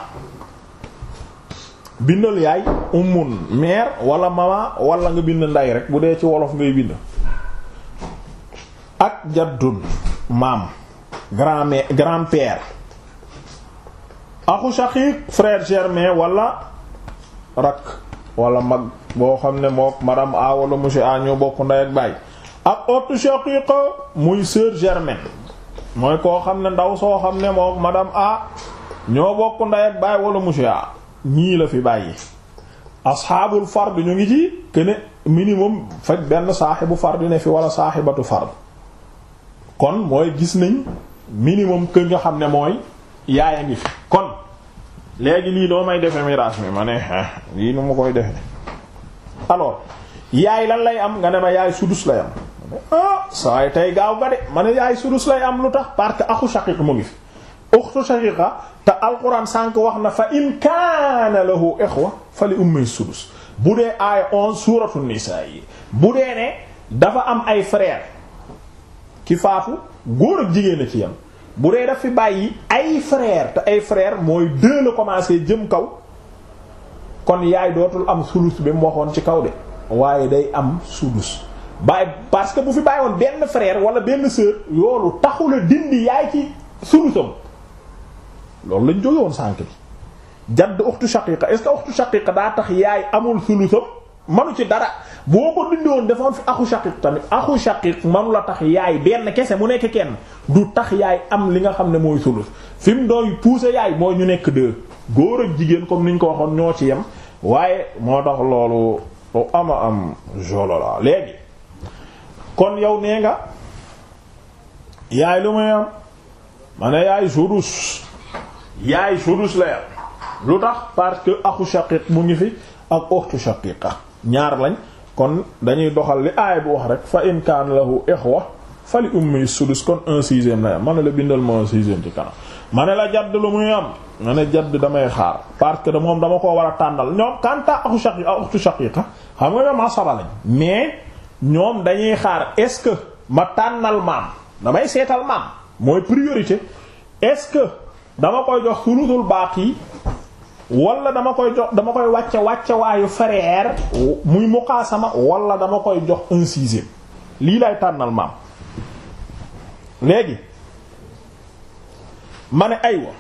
bindal yaay ummun mère wala mama wala nga bind nday rek bu dee ci wolof ngay bind ak jaddun maam grand-mère grand-père axu shaqiq frère germain wala rak wala mag boo xam ne mook madame a wala monsieur a ñoo bokk ndey ak baay ak ottu shaqiqa muy sœur germain mooy koo xam ne ndaw soo xam ne mook madame a ñoo bokk ndey ak baay wala monsieur a ñii la fi bàyyi asxaabul fard ñu ngi ci kene minimum faj benn saaxibu fard ne fi wala saaxibatu fard kon mooy gis nañ minimum kër nga xam ne mooy a ngi fi kon léegi lii doo may defe miraas mi ma ne ah, lii nu mu koy defe alors yaay lan lay am nga ne ma yaay sudus lay am ah tey tay gaaw ga de ma ne yaay sudus lay am lu tax parce que axu shaqiq mu ngi fi ukhtu shaqiqa te alquran sànq wax na fa in kaana lahu ikhwa fa li ummi sudus bu dee aaya onze suuratu nisaa yi bu dee ne dafa am ay frère ki faatu góor ak jigéen a ci yam bu dee daf fi bàyyi ay frère te ay frère mooy deux la commencé jëm kaw kon yaay dootul am sulus bi mu waxoon ci kaw de waaye day am sudus bàyyi parce que bu fi bàyyi woon benn frère wala benn sœur yoolu taxula dindi yaay ci sulusam loolu lañ jóge woon sànk bi jadd uxtu shaqiqa est-ce que daa tax yaay amul sulusam manu ci dara boo ko dindi woon dafa am fi axu shaqiq tamit axu shaqiq manu la tax yaay benn kese mu nekk kenn du tax yaay am li nga xam ne mooy sulus fi mu doon pousser yaay mooy ñu nekk deux góor ak jigéen comme ni ko waxoon ñoo ci yem waaye moo tax loolu lu ama am jolo la léegi kon yow nee nga yaay lu muy am ma ne yaay sulus yaay sudus la yar lu tax parce que axu shaqiq mu ngi fi ak uxtu shaqiqa ñaar lañ kon dañuy doxal li aay bu wax rek fa in kaana lahu ixwa fa li ummi sudus kon un sixième na yar ma ne la bindal ma un sixième ci kanam ma ne la jadd lu muy am ma ne jadd damay xaar parce que moom dama ko war a tàndal ñoom kanta axu shaqiqa ak uxtu shaqiqa xam nga ma asaba lañ mais ñoom dañuy xaar est-ce que ma tànnal maam damay seetal maam mooy priorité est dama koy jox baax yi wala dama koy jox dama koy wàcce wàcce waayu frère muy muqaasama wala dama koy jox un sixième lii lay tànnal maam léegi ma ne aywa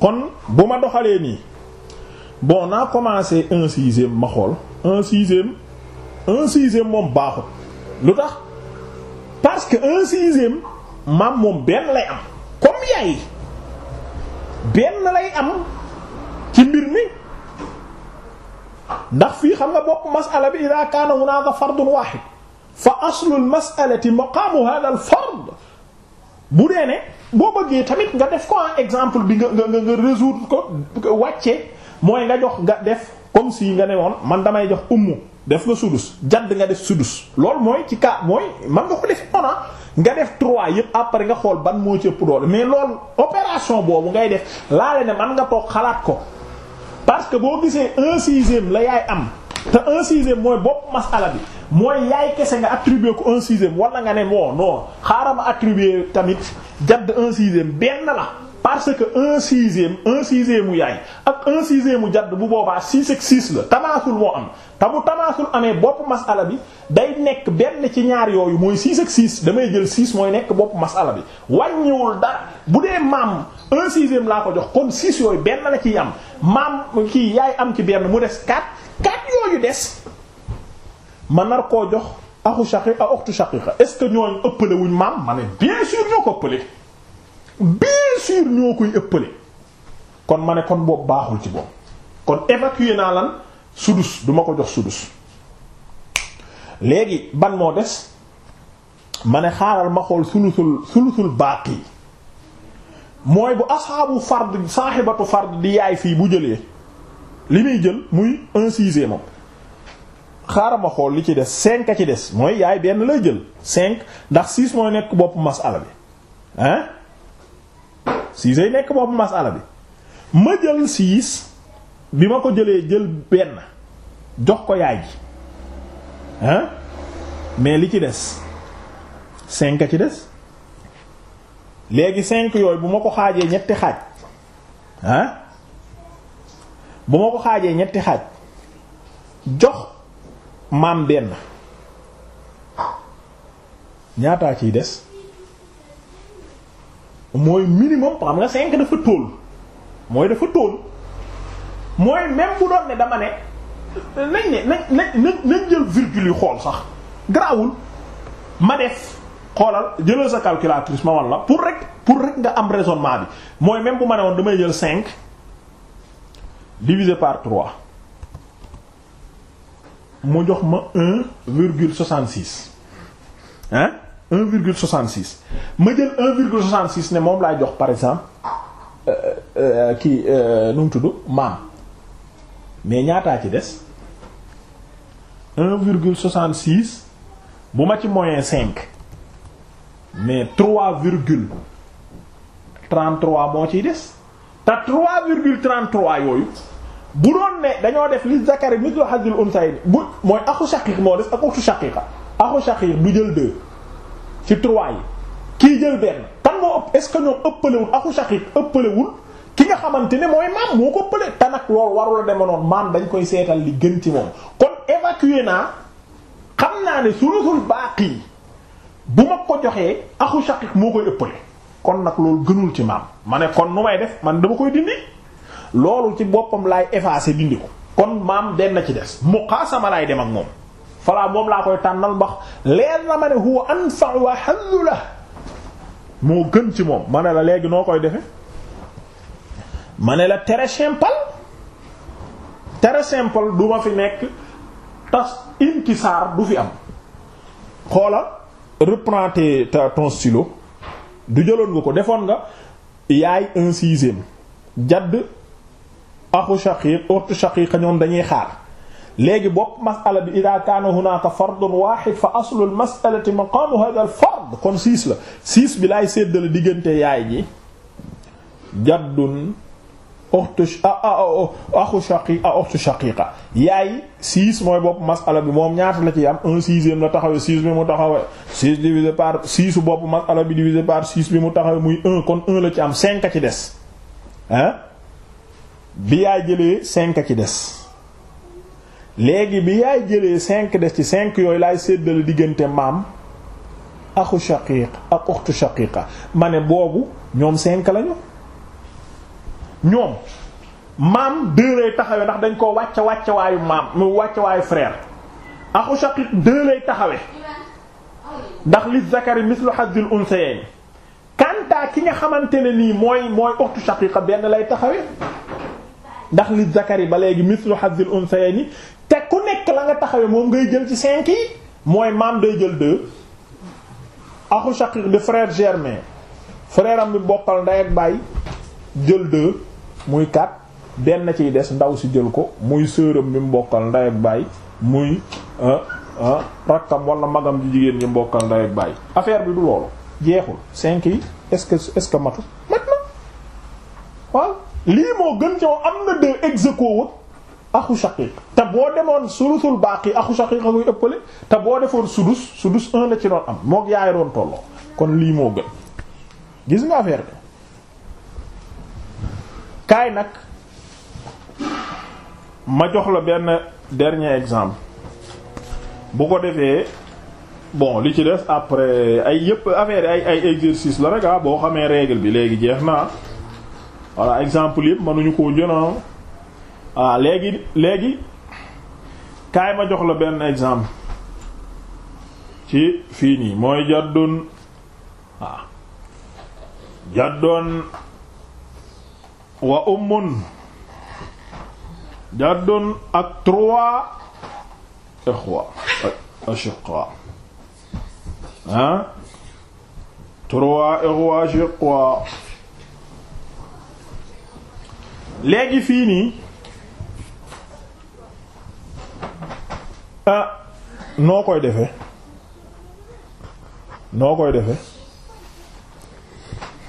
kon bu ma doxalee nii bon naa commencé un sixième ma xool un sixième un sixième moom baaxul lu tax parce que un sixième maam moom benn lay am comme yaay. benn lay am ci mbir mi ndax fii xam nga bopp masala bi ida kaana hunaaka fardun wahid fa aslu almasalati maqaamu hadha al fard bu dee ne boo bëggee tamit nga def ko en exemple bi nga nga nga résoudre ko wàcce mooy nga jox nga def comme si nga ne woon man damay jox ummu def nga sudus jadd nga def sudus loolu mooy ci cas mooy man nga ko def ona nga def trois yëpp après nga xool ban moo ci ëpp doole mais loolu opération boobu ngay def laale ne man nga toog xalaat ko parce que boo gisee un sixième la yaay am te un sixième mooy bopp masala bi mooy yaay kese nga attribuer ko un sixième walla nga ne moo non xaaral ma attribuer tamit jadd un sixième benn la. parce que un sixième un sixième mu yaay ak un sixième mu jadd bu boobaa six ak six la tamaasul moo am tamu bu tamaasul amee bopp masala bi day nekk benn ci ñaar yooyu mooy six ak six damay jël six mooy nekk bopp masala bi wàññiwul dara bu dee maam un sixième laa ko jox kon six yooyu benn la ciy am maam kii yaay am ci benn mu des quatre quatre yooyu des ma nar koo jox axu shaqiqa a oxtu shaqiqa est ce que ñooñu ëppale wuñ maam ma ne bien sûr ñoo ko ëppale bien sûr ñoo koy ëppale kon ma ne kon boobu baaxul ci boobu kon évacuer naa lan sudus duma ko jox sudus léegi ban moo des ma ne xaaral ma xool sulusul sulusul yi mooy bu asxaabu fard saaxibatu fard di yaay fii bu jëlee li muy jël muy un sixième moom xaaral ma xool li ci des cinq a ci des mooy yaay benn lay jël cinq ndax six mooy nekk bopp masala bi hein six ay nekk boobu masala bi ma jël six bi ma ko jëlee jël benn jox ko yaay ji hein mais li ci des cinq a ci des léegi cinq yooyu bu ma ko xaajee ñetti xaaj hein bu ma ko xaajee ñetti xaaj jox maam benn ñaataa ciy des mooy minimum xam nga cinq dafa tóol mooy dafa tóol mooy même bu doon ne dama ne nañ nañ nañ nañ jël virgule yu xool sax garaawul ma def xoolal jëlal sa calculatrice ma wan pour rek pour rek nga am raisonnement bi mooy même bu ma ne woon damay jël cinq divisé par trois mu jox ma un virgule soixante six hein un virgule soixante-six ma jël un virgule soixante ne moom laay jox par exemple euh, euh, euh, kii nu mu tudd maam mais ñaataa ci des un virgule soixante bu ma ci moyen cinq mais trois virgule trente-trois moo ciy des te trois virgule trente-trois yooyu bu doon ne dañoo def li zakari mithlu hadil unsay bu mooy axu shaqiq moo des ak uxtu shaqiqa axu shaqiq du jël ci trois yi kii jël benn kan moo ëpp est-ce que ñoom ëppalewul aku shaqiq ëppalewul ki nga xamante ne mooy maam moo ko ëppale te nag loolu warula deme noonu maam dañ koy seetal li gën ci moom kon évacuer naa xam naa ne sulusul baaqi bu ma ko joxee aku shaqiq moo koy ëppale kon nag loolu gënul ci maam ma ne kon nu may def man dama koy dindi loolu ci boppam laay effacer dindi ko kon maam den na ci des sama laay dem ak moom falaa moom laa koy tànnal mbax leer na ma ne huwa anfa'u wa la moo gën ci moom ma ne la léegi noo koy defe ma ne la très simple très simple du ma fi nekk tas inkisaar du fi am xoola reprends ta ton stylo du jëloon nga ko defoon nga yaay un sixième jadd axu shaqiq ortu shaqiqa ñoom dañuy xaar léegi bopp masala bi ida kaana hunaka fardun wahid fa aslul masalati maqamu hadha al fard kon siis la siis bi laay séddale diggante yaay ji jaddun oxtu axu shaqi a oxtu shaqiqa yaay six mooy bopp masala bi moom ñaata la ci am un sixième la taxawee six bi mu taxawee six divisé par six bopp masala bi divisé par six bi mu taxawee muy un kon un la ci am cinq ci des ah bi yaay jëlee cinq ci des léegi bi yaay jëlee cinq des ci cinq yooyu laay séddale diggante maam aku shaqiiq ak uxtu shaqiiqa ma ne boobu ñoom cinq lañu ñoom maam deux lay taxawe ndax dañ koo wàcce wàcce waayu maam mu wàcce waayu frère axu lay taxawe ndax li zakari mislu hazzil kanta ki nga xamante ne nii mooy mooy uxtu shaqiiqa benn lay taxawe ndax li zakari ba léegi mislu hazzil unsayayn te ku nekk la nga taxawee moom ngay jël ci cinq yi mooy maam day jël deux axu shaqiq de frère germain frère am bi bokkal ndey ak baay jël deux muy quatre benn ciy des ndaw si jël ko muy sëram bi mu bokkal ndey ak baay muy euh, euh, rakkam wala magam ji jigéen ñi bokkal ndey ak baay affaire bi du loolu jeexul cinq yi est-ce que est matu mat na waaw lii moo gën ci am na deux ex aku shaqiq te boo demoon sulusul baaqi axu shaqiq a koy ëppale te boo defoon sudus sudus un la ci doon am moog yaay doon tolloo kon lii moo gën gis nga affaire bi kaay nag ma jox la benn dernier exemple bu ko defee bon li ci des après ay yëpp affaire ay ay exercice la rek ah boo xamee règle bi léegi jeex naa voilà exemple yëpp mënuñu ko jëna ah. ah léegi léegi kaay ma jox la benn exemple ci fii nii mooy jaddun waaw ah, jaddun wa ummun jaddun ak trois ixwa ashiqa ah trois ixwa léegi fii ah noo koy defe noo koy defe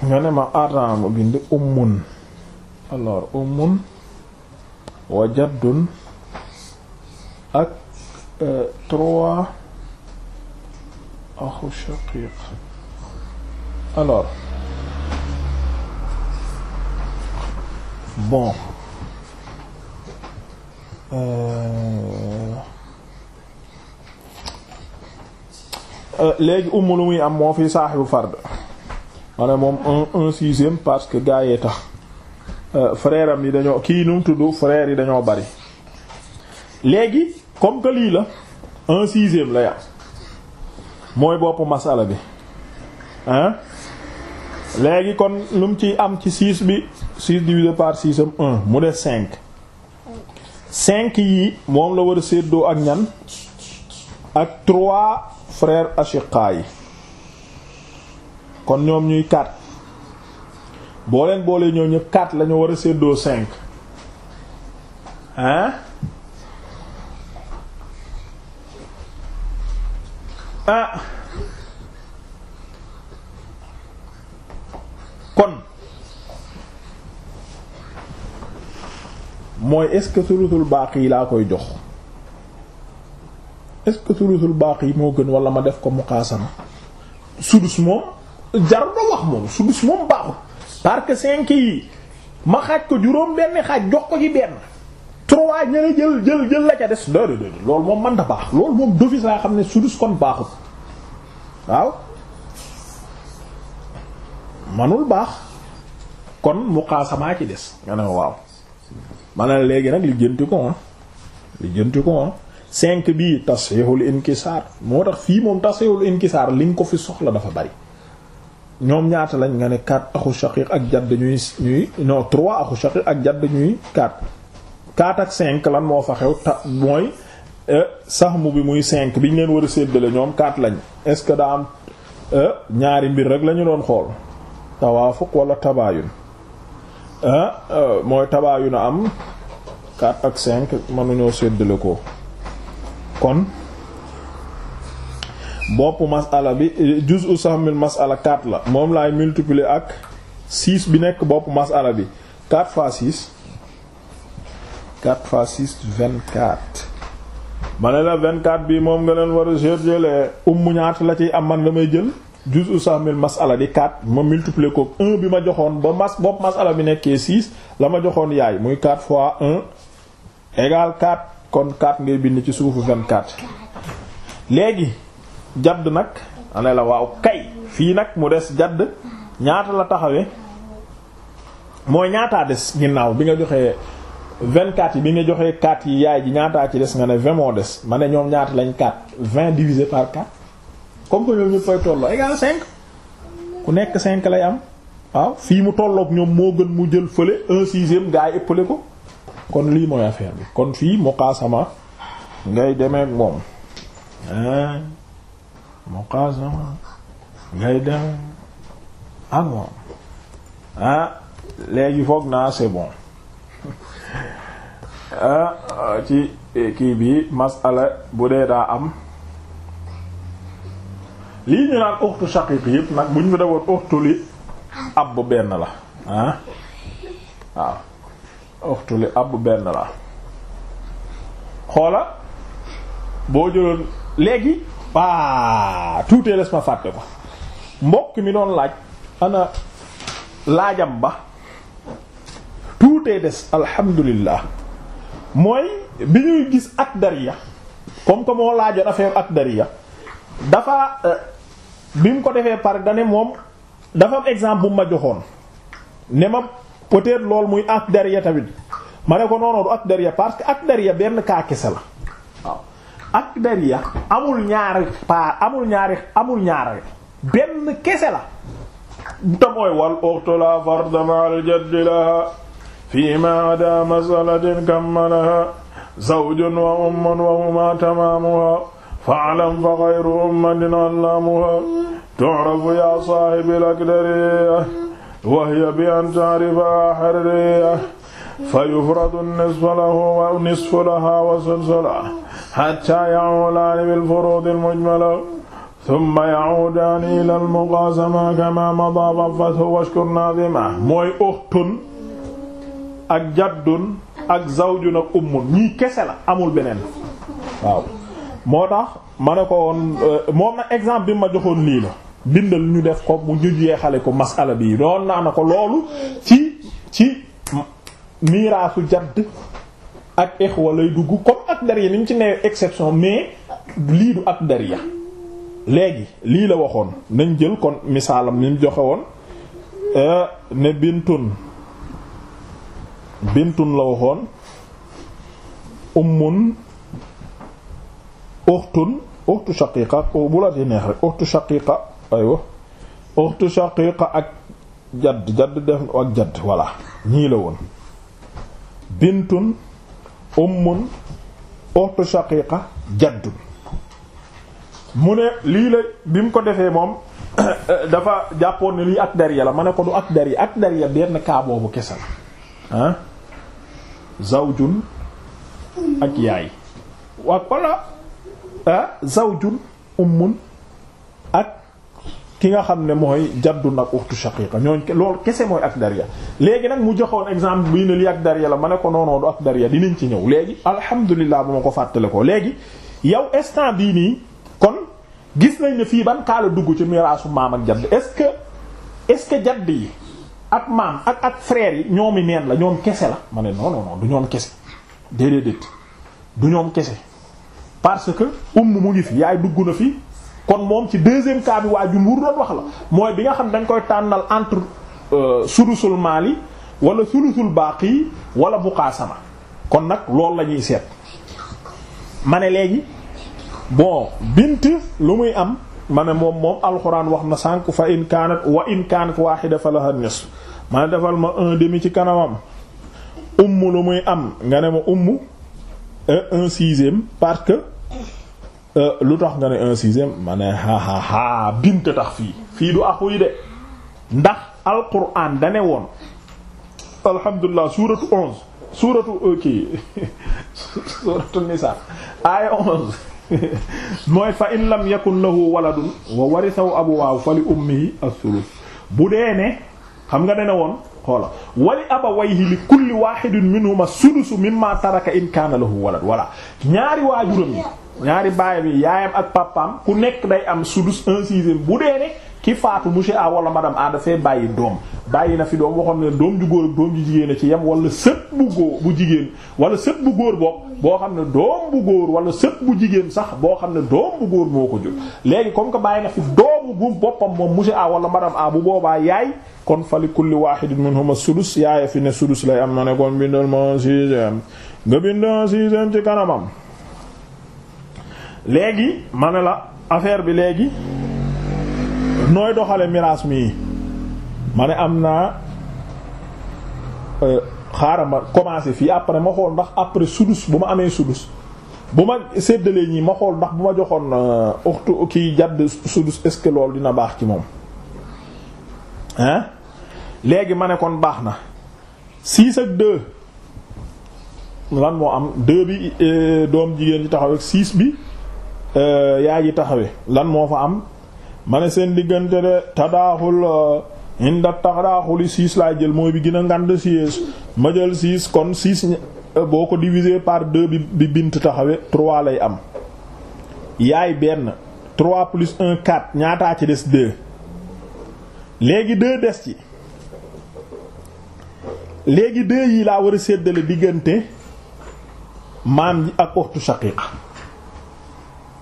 nga ne ma ataa ma bind ummun alors ummun wa ak euh, trois axu shaqiq alors bon euh, Euh, léegi umm lu muy am moo fi saaxibu fard ma ne moom un un sixième parce que gaa yee tax euh, frère yi dañoo kii nu tudd frère yi dañoo bari léegi comme que lii la un sixième la mooy bopp masala bi hein léegi kon lu mu ciy am ci six bi six divisé par six am un mu def cinq cinq yi moom la war a séddoo ak ñan ak trois frère ashiqa yi kon ñoom ñuy quatre boo leen ñoo ñëpp quatre lañu war a séddoo cinq hein ah. kon mooy est-ce que sulutul baaqi yi laa koy jox est-ce que sulusul baaqi moo gën wala ma def ko muqaasama sudus moom jarul la wax moom sudus moom baaxul parce que cinq yi ma xaaj ko juróom benn xaaj jox ko ci benn trois ña ne jël jël jël la ca des loolu loolu moom mën na baax loolu moom d'office laa xam ne sudus kon baaxul waaw manul baax kon muqaasamaa ci des nga ne waaw ma ne léegi nag li jënti ko ah li jënti ko ah cinq bii tasxiixul inkisaar moo tax fii moom tasxiixul inkisaar li nga ko fi soxla dafa bari ñoom ñaata lañ nga ne quatre axu shaqiq ak jadd ñuy ñuy non trois axu shaqiq ak jadd ñuy quatre quatre ak cinq lan moo fa xew ta mooy euh, saxmu bi muy cinq biñ leen war a séddale ñoom quatre lañ est-ce que daa am euh, ñaari mbir rek lañu doon xool tawaafuq wala tabaayun ah, euh, mooy tabaayun a am quatre ak cinq mënuñoo séddale ko kon bopp masala bi juz'u sahmil masala 4 la moom laay multiplier ak 6 bi nekk bopp masala bi 4 x 6 4 x 6 24 ma ne la 24 bi moom nga leen war a jëlee ummu ñaata la ciy am man damay jël juz'u sahmil masala di 4 ma multiplier ko bi ma joxoon ba mas bopp masala bi nekkee 6 la ma joxoon yaay muy 4 fois kon 4 ngay bind ci suufu 24 léegi jàdd nag ane la waaw kay fii nag mu des jàdd ñaata la taxawee mooy ñaataa des ginnaaw bi nga joxee 24 yi bi nga joxee 4 yi yaay ji ñaataa ci des nga ne 20 moo des ma ne ñoom ñaata lañ 4 20 divisé par 4 comme que ñoom ñu koy tolloo égal 5 ku nekk cinq lay am waaw fii mu tollook ñoom moo gën mu jël fële 1 sixième gaa yi ëppale ko. kon lii mooy affaire bi kon fii muqaasama ngay demeek moom muqaasama ak moom ah léegi foog naa c'est bon *laughs* ci kii bi masala bu dee daa am lii ñu naan uxtu shaqiq yëpp nag bu fi defoon uxtu li ab benn la ah waaw waxtu li ab benn la xoola boo jëloon léegi waa tuutee les ma fàtte ko mbokk mi doon laaj ana laajam ba tuutee des alhamdulillah mooy bi ñuy gis ak dariya comme que moo laajoon affaire ak dariya dafa euh, bi mu ko defee pare dane moom dafa exemple bu ma joxoon ne ma peut-être loolu muy Akdariya tamit ma ne ko noonu du Akdariya parce que Akdariya benn kaa kese la waaw Akdariya amul ñaari pa amul ñaari amul ñaari benn kese la te mooy wal uxtu la farda ma'al jaddi laha fi ma ada masalatin kammalaha zawjun wa ummun wa huma tamamuha fa'lam fa ghayru ummatin allamuha tu'rafu ya sahibil akdariya wa hiya bi an ta'rifa harriya fa yufradu nisfu lahu wa nisfu laha wa sulsula hatta ya'ulaani bil furuudi al mujmala thumma ya'uudaani ila al muqaasama kama madaa waffathu washkur naadima mooy ukhtun ak jaddun ak zawjun ak ummun ñii kese la amul beneen waaw moo tax ma ne ko woon moom na exemple bi ma joxoon lii la bindal ñu def ko mu ñu jeexale ko masala bi doon naa na ko loolu ci ci miraasu jadd ak ixwa lay dugg comme ak dariya ni mu ci newee exception mais lii du ak dariya léegi lii la waxoon nañ jël kon misaalam ni mu joxe woon euh, ne bintun bintun la waxoon ummun uxtun uxtu shaqiqa bu la di neex rek uxtu shaqiqa aywa uxtu shaqiqa ak jadd jadd def ak jadd voilà ñii la woon bintun ummun uxtu shaqiqa jaddun mu ne lii la bi mu ko defee moom *coughs* dafa jàppoon ne lii ak dariya la ma ne ko du ak dariya ak dariya benn kaaboo bu kese la ah zawjun ak yaay waa walla ah zawjun ummun ak ki nga xam ne mooy jaddu nag uxtu shaqiqa ñooñ loolu kese mooy ak dariya léegi nag mu joxoon exemple bii ne li ak dariya la ma ne ko noonoo du ak dariya dinañ ci ñëw léegi alhamdulilah bu ma ko fàttale ko léegi yow instant bii nii kon gis nañ ne fii ban kaala dugg ci miraasu maam ak jadd est ce que est ce que jadd yi ak maam ak ak frère yi ñoomi neen la ñoom kese la ma ne non non du ñoom kese déedéet du ñoom kese parce que umm mu ngi fi yaay dugg na fi kon moom ci deuxième cas bi waa jumhur doon wax la mooy bi nga xam danga koy tànnal entre euh, sulusul maali wala sulusul baaqi wala muqaasama kon nag loolu lañuy seet ma ne léegi bon bint lu muy am ma ne moom moom alxuraan wax na sànq fa in kaanat wa in kaanat waahida falaha nisf ma ne defal ma un demi ci kanamam umm lu muy am nga ne ma umm un sixième parce que Euh, lu tax nga ne un sixième ma ne hahaha bint tax fii fii du axu yi de ndax alquran dane woon alhamdulilah suratu onze suratu euh, kii suratu *laughs* nisa aaya onze *laughs* mooy fa in lam yakun lahu waladun wa warisahu abuwaahu fa li ummihi as-sulus bu dee ne xam nga dene woon xoola wali abawayhi li kulli wahidin minhuma sudusu mimma taraka in kaana lahu walad wala ñaari waajuram yi ñaari baayam yi yaayam ak papaam ku nekk day am sudus un sixième bu dee ne ki faatu monsieur A wala madame A dafay bàyyi doom bàyyi na fi doom waxoon ne doom ju góor ak doom jigéen a ci yem wala sët bu jigéen wala sët bu góor bopp boo xam ne doom góor wala sët bu jigéen sax boo xam ne doom bu góor moo ko jur léegi comme que bàyyi na fi doomu bu boppam moom monsieur A wala madame A bu boobaa yaay kon fali kulli wahidin minhum sudus yaaya fi ne sudus lay am na ne kon bindal ma sixième nga bindal sixième ci kanamam léegi ma ne la affaire bi léegi nooy doxale miraas mi ma ne am naa euh, xaaral ma commencé fii après ma xool ndax après sudus bu ma amee sudus bu ma séddalee ñii ma xool ndax bu ma joxoon euh, uxtu kii jadd sudus est-ce que loolu dina baax ci moom hein léegi ma ne kon baax na six ak deux lan moo am deux bi euh, doom jigéen ji taxaw ak six bi Euh, yaa ji taxawe lan moo fa am ma ne seen diggante de tadaaxul euh, inda tadaaxuli six laa jël mooy bi gën a si six ma jël six kon six euh, boo ko diviser par deux bi bi bint taxawe trois lay am yaay benn trois plus un quatre ñaataa ci des deux léegi deux des ci léegi deux yi laa war a séddale diggante maam ji ak uxtu shaqiiqa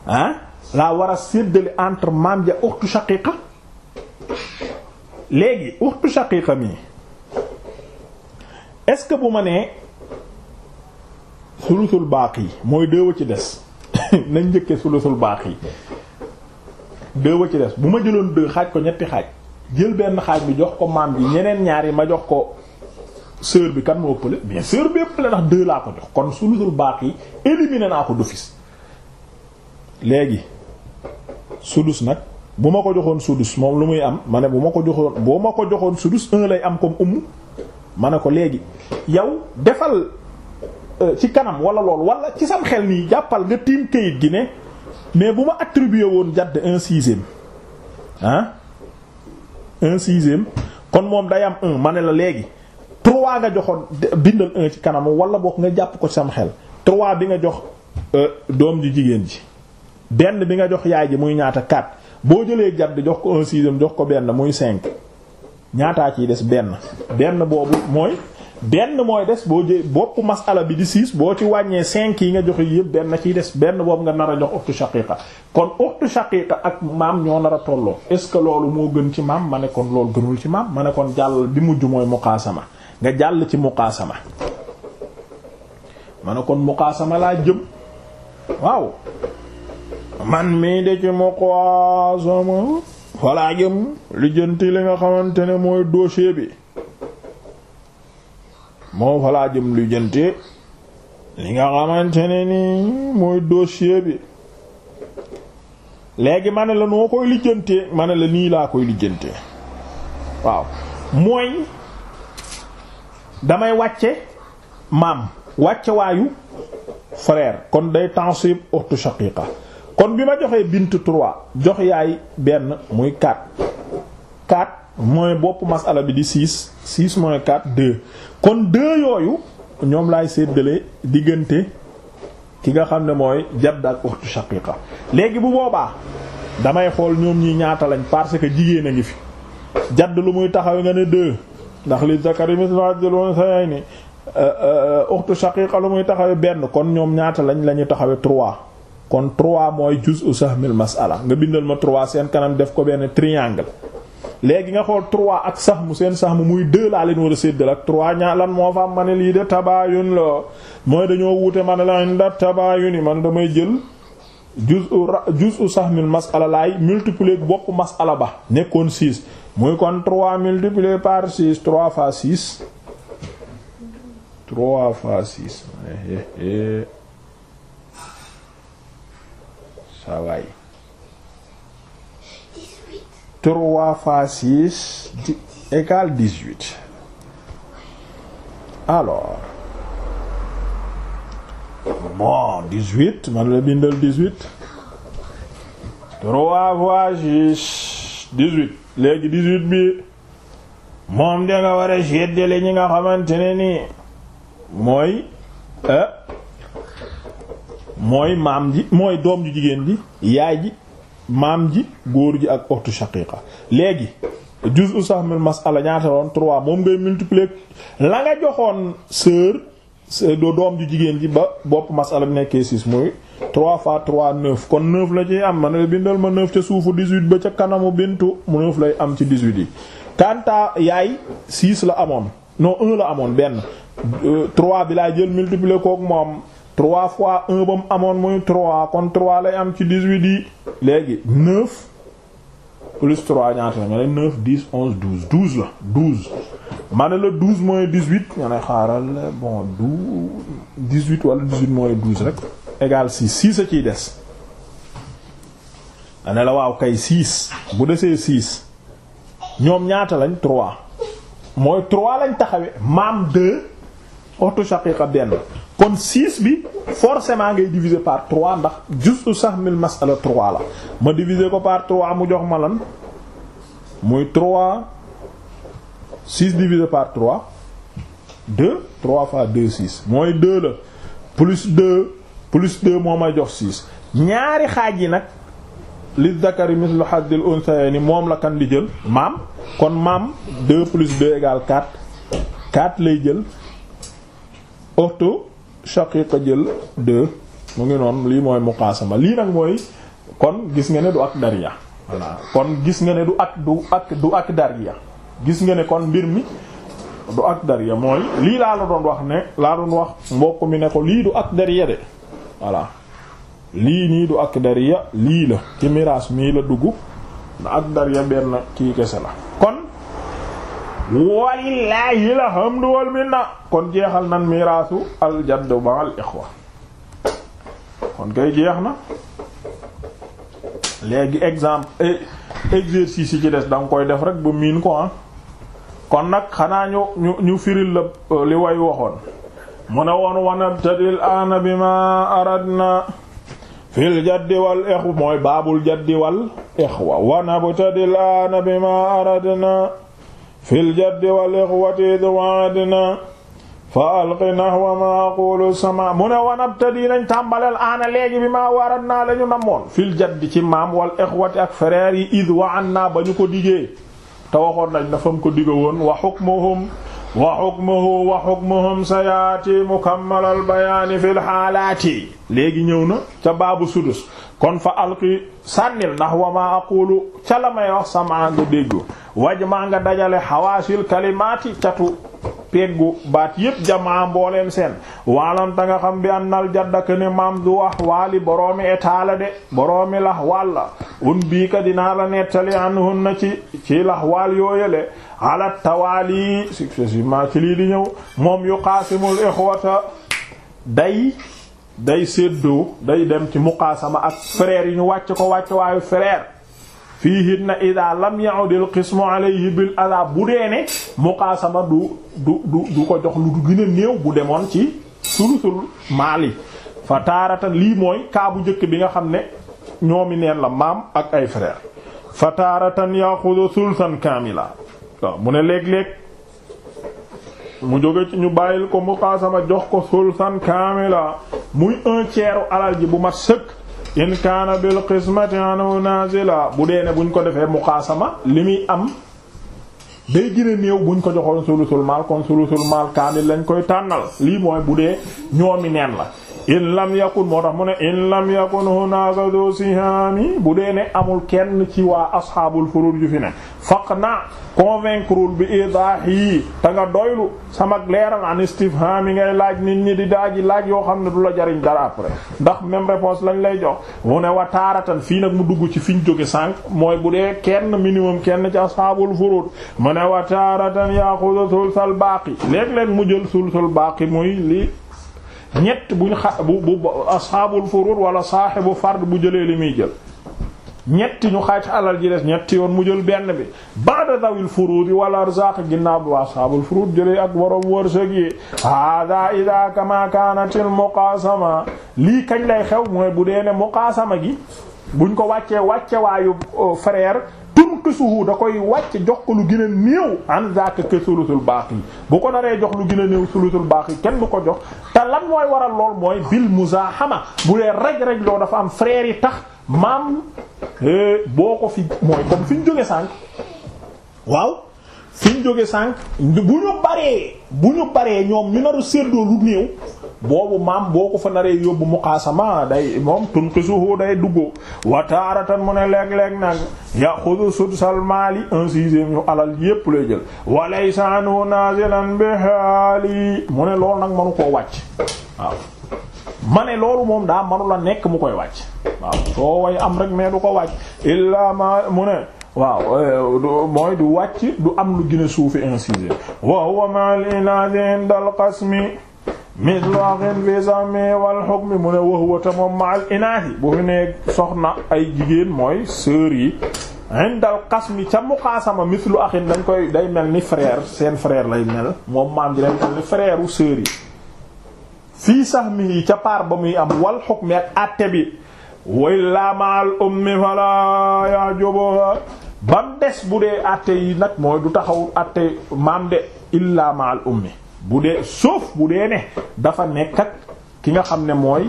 ah laa war a séddale entre maam ja uxtu shaqiqa léegi uxtu shaqiqa mi est-ce que bu ma nee sulusul baaq yi mooy déewa ci des *laughs* nañ njëkkee sulusul baax yi déewa ci des bu ma jëloon deux xaaj ko ñetti xaaj jël benn xaaj bi jox ko maam ji ñeneen ñaar yi ma jox ko sœur bi kan mu ëppale bien sœur bi ëppale ndax deux laa ko jox kon sulusul baax yi éliminé naa ko d'office léegi sudus nag bu ma ko joxoon sudus moom lu muy am ma ne bu ma ko joxoon boo ma ko joxoon sudus un lay am comme umm ma ne ko léegi yow defal euh, ci kanam wala lool wala ci sam xel nii jàppal nga tiim kayit gi ne mais bu ma attribué woon jadd un sixième ah un sixième kon moom day am un ma ne la léegi trois nga joxoon bindal un ci kanam wala boog nga jàpp ko sam xel trois bi nga jox euh, doom ji jigéen ji benn bi nga jox yaay ji muy ñaata 4 boo jëlee jadd jox ko un sixième jox ko benn muy 5 ñaataa ciy des benn benn boobu mooy benn mooy des boo jë bopp masala bi di 6 boo ci wàññee 5 yi nga joxe yëpp benn ciy des benn boobu nga nar a jox uxtu shaqiqa kon uxtu shaqiqa ak maam ñoo nar a tolloo est ce que loolu moo gën ci maam ma ne kon loolu gënul ci maam ma ne kon jàll bi mujj mooy muqaasama nga jàll ci muqaasama ma ne kon muqaasama laa jëm waaw man mii de ci muqaasama falaa jëm lijjanti li nga xamante ne mooy dossier bi moo falaa jëm lijjanti li nga xamante ne mooy dossier bi léegi ma ne la noo koy lijjantee ma la nii laa koy lijjantee waaw mooy damay wàcce maam wàcce waayu frère kon day tansib ukhtu shaqiqa kon bi ma joxee bint 3 jox yaay benn muy 4 4 mooy boppu masala bi di 6 6 mooy 4 2 kon 2 yooyu ñoom laay séddale diggante ki nga xam ne mooy jadd ak uxtu shaqiqa léegi bu boobaa damay xool ñoom ñi ñaata lañ parce que jigéen a ngi fi jadd lu muy taxaw nga ne 2 ndax li zakari mislu hazzil unsayayni uxtu euh, euh, shaqiqa lu muy taxawe benn kon ñoom ñaata lañ la ñu taxawe 3 kon trois mooy sax juz'u sahmil mas'ala nga bindal ma trois seen kanam def ko benn triangle léegi nga xool trois ak sax mu seen sahmu muy deux laa leen war a séddal ak trois ñaa lan moo fa am ma ne lii de tabaayun la mooy dañoo wuute ma ne la inda tabaayuni man damay jël juz'u juz'u sahmil mas'ala laay multiplier bopp mas'ala ba nekkoon six muy kon trois multiplié par six trois fois six trois fois six saa waay trois fois six égale dix-huit alors bon dix-huit man la bindal dix-huit trois fois six dix léegi dix-huit bi moom danga war a seddale ñi nga xamante ne nii mooy euh, mooy maam ji mooy doom ju jigéen ji yaay ji maam ji góor ji ak uxtu shaqiqa léegi juz'u sahmil mas'ala ñaata woon 3 moom ngay multiplier la nga joxoon sœur do doom ji jigéen ji ba bopp masala bi nekkee 6 muy 3 fois 3 9 kon 9 la ciy am ma ne bindal ma 9 ca suufu 18 ba ca kanamu bintu mu 9 lay am ci 18 yi kanta yaay 6 la amoon non 1 la amoon benn 3 euh, bi laa jël multiplier kook moom trois fois un ba mu amoon muy trois kon trois lay am ci dix-huit yi léegi neuf plus trois ñaata la nga ne onze douze douze la douze ma ne la douze moins dix-huit nga ne xaaral bon douze dix-huit wala rek égal six six a ciy des ane la waaw kay six bu desee six ñoom ñaata lañ trois mooy trois lañ taxawe maam deux oto shaqiqa benn kon 6 bi forcément ngay diviser par 3 ndax justu sax mil masala trois la ma diviser ko par 3 mu jox ma lan muy 3 6 divisé par trois 2 3 fois 2 mooy 2 la plus 2 plus 2 moo may jox ñaari xaaj yi nag li zakari mislu haddil unsayni moom la kan li jël maam kon maam 2 plus 2 égale 4 4 lay jël shaqiqa jël deux mu ngi noon lii mooy muqaasama lii nag mooy kon gis nga ne du ak dariya voilà kon gis nga ne du ak du ak du ak dariya gis nga ne kon mbir mi du ak dariya mooy lii laa la doon wax ne laa doon wax mbokk mi ne ko lii du ak dariya de voilà lii nii du ak dariya lii la ci miraas mii la dugg na ak dariya benn kii kese la kon walillaahi alhamdu wal minna kon jeexal nan miraasu al jadd ma al ixwa kon kay jeex na léegi exemple eh, exercice yi ci des da koy def rek ba miin ko ah kon nag xanaa ñu ñu ñu firil la euh, li way waxoon mu ne woon wanabtadil ana bi ma aradna fil jaddi wal ixwa mooy baabul jaddi wal ixwa wanabtadil ana bi ma aradna fil jaddi wal ixwati id waadna fa alqi nahwa ma aqulu sama mu ne wanab te dinañ tàmbaleel aana léegi bi maa warat naa la ñu namoon fil jaddi ci maam wal ixwati ak frère yi id waadna ba ñu ko digee te waxoon nañ na fam ko digé woon wa hukmuhum wa hukmuhu wa hukmuhum sayaati mukammalal bayaani fil xaalaati léegi ñëw na ca baabu sudus kon fa alqi sànnil ndax wa ma aqulu ca la may wax sama nga dégg waj maa nga dajale xawaasil kalimaati catu peggu baat yépp jamaa mbooleem seen waalam ta nga xam bi an nal jaddaka ne maam du wax waali boroomi état boroomi lax waal la un bii dinaa la nettali an hun na ci lax waal yooyale ala tawaali successivement moom yu qaasimul ixwata day day séddoo day dem ci muqaasama ak frère yi ñu wàcc ko wàcc waayu frère fii it na ida lam yaudil qismu alayhi bil ada bu dee ne muqaasama du du du ko jox lu du gën néew bu demoon ci sulusul maali fa taarata lii mooy kaa bu njëkk bi nga xam ne ñoomi neen la maam ak ay frère fa taaratan yaxudu sulsan kaamila waaw mu ne léeg-léeg mu jóge ci ñu bàyyil ko muqaasama jox ko sulsan kaamila muy un tiers alal ji bu mat sëkk in kaana bil qismati anu nazila bu dee ne buñ ko defee muqaasama li muy am day gën a néew buñ ko joxoon sulusul maal kon sulusul maal kaamil lañ koy tànnal lii mooy bu dee ñoomi neen la in lam yakun moo tax mu ne in lam yakun hunaka do sihami bu dee ne amul kenn ci waa asxaabul furud ju fi ne faq na convaincre bi idaah yi te nga doylu samak leeral an istifham yi ngay laaj nit ñi di daaji laaj yoo xam ne du la jariñ dara après ndax même réponse lañ lay jox mu ne wa taaratan fii nag mu dugg ci fiñ jóge sànq mooy bu dee kenn minimum kenn ci asxaabul furud mu ne wa taaratan yaxudu sulsal baaqi léeg-léeg mu jël sulsul baaqi muy li ñett buñ xa bu bu asxaabul furud wala saaxibu fard bu jëlee li muy ñetti ñu xaaj alal des ñetti yoon mu jël benn bi ba'da dawil furud wal arzaq ginnaaw bi waa asxaabul furud jëlee ak borom hada ida kama kanatil muqasama lii kañ lay xew mooy bu dee ne gi buñ ko wàccee wàcce waayu euh, frère tunqisuhu da koy wàcc jox ko lu gën a néew an zaka ke baax baaqi bu ko naree jox lu gën a néew baax yi kenn du ko jox te lan mooy waral lool mooy bil muzaahama bu dee raj-raj loo dafa am frère yi tax maam eh, boo ko fi mooy comme fi ñu jóge sànq waaw fi ñu jóge sànq bu ñu baree bu ñu baree ñoom ñu naru séddoo lu néew boobu maam boo ko fa naree yóbbu muqaasama day moom tunqisuhu day duggo wa taaratan mu ne léeg-léeg nag yaxudu sudsal maali un sixième alal yépp lay jël walay saanu nazilan bi haali mu ne loolu nag manu koo wàcc waaw ma ne loolu moom daa manu la nekk mu koy wàcc waaw soo way am rek mais du ko wàcc illa ma mu ne waaw euh, mooy du wàcc du am lu gën a suufi incisé wa huwa al-inaazi mithlu axin fi sami wal hukmi mu ne wa moom ma'a al-inaazi bu fi nee soxna ay jigéen mooy sœur yi 'inda al-qasmi ca muqaasama mithlu axin dañ koy day mel ni frère seen frère lay mel moom maam ji day mel ni frère u sœur yi fii ca paar ba muy am wal hukmi ak àtte bi way laa ma'al ummi fala ya'jubuha bam des bu dee àtte yi nag mooy du taxaw àtte maam de illa ma al ummi bu dee sauf bu dee ne dafa nekk ak ki nga xam ne mooy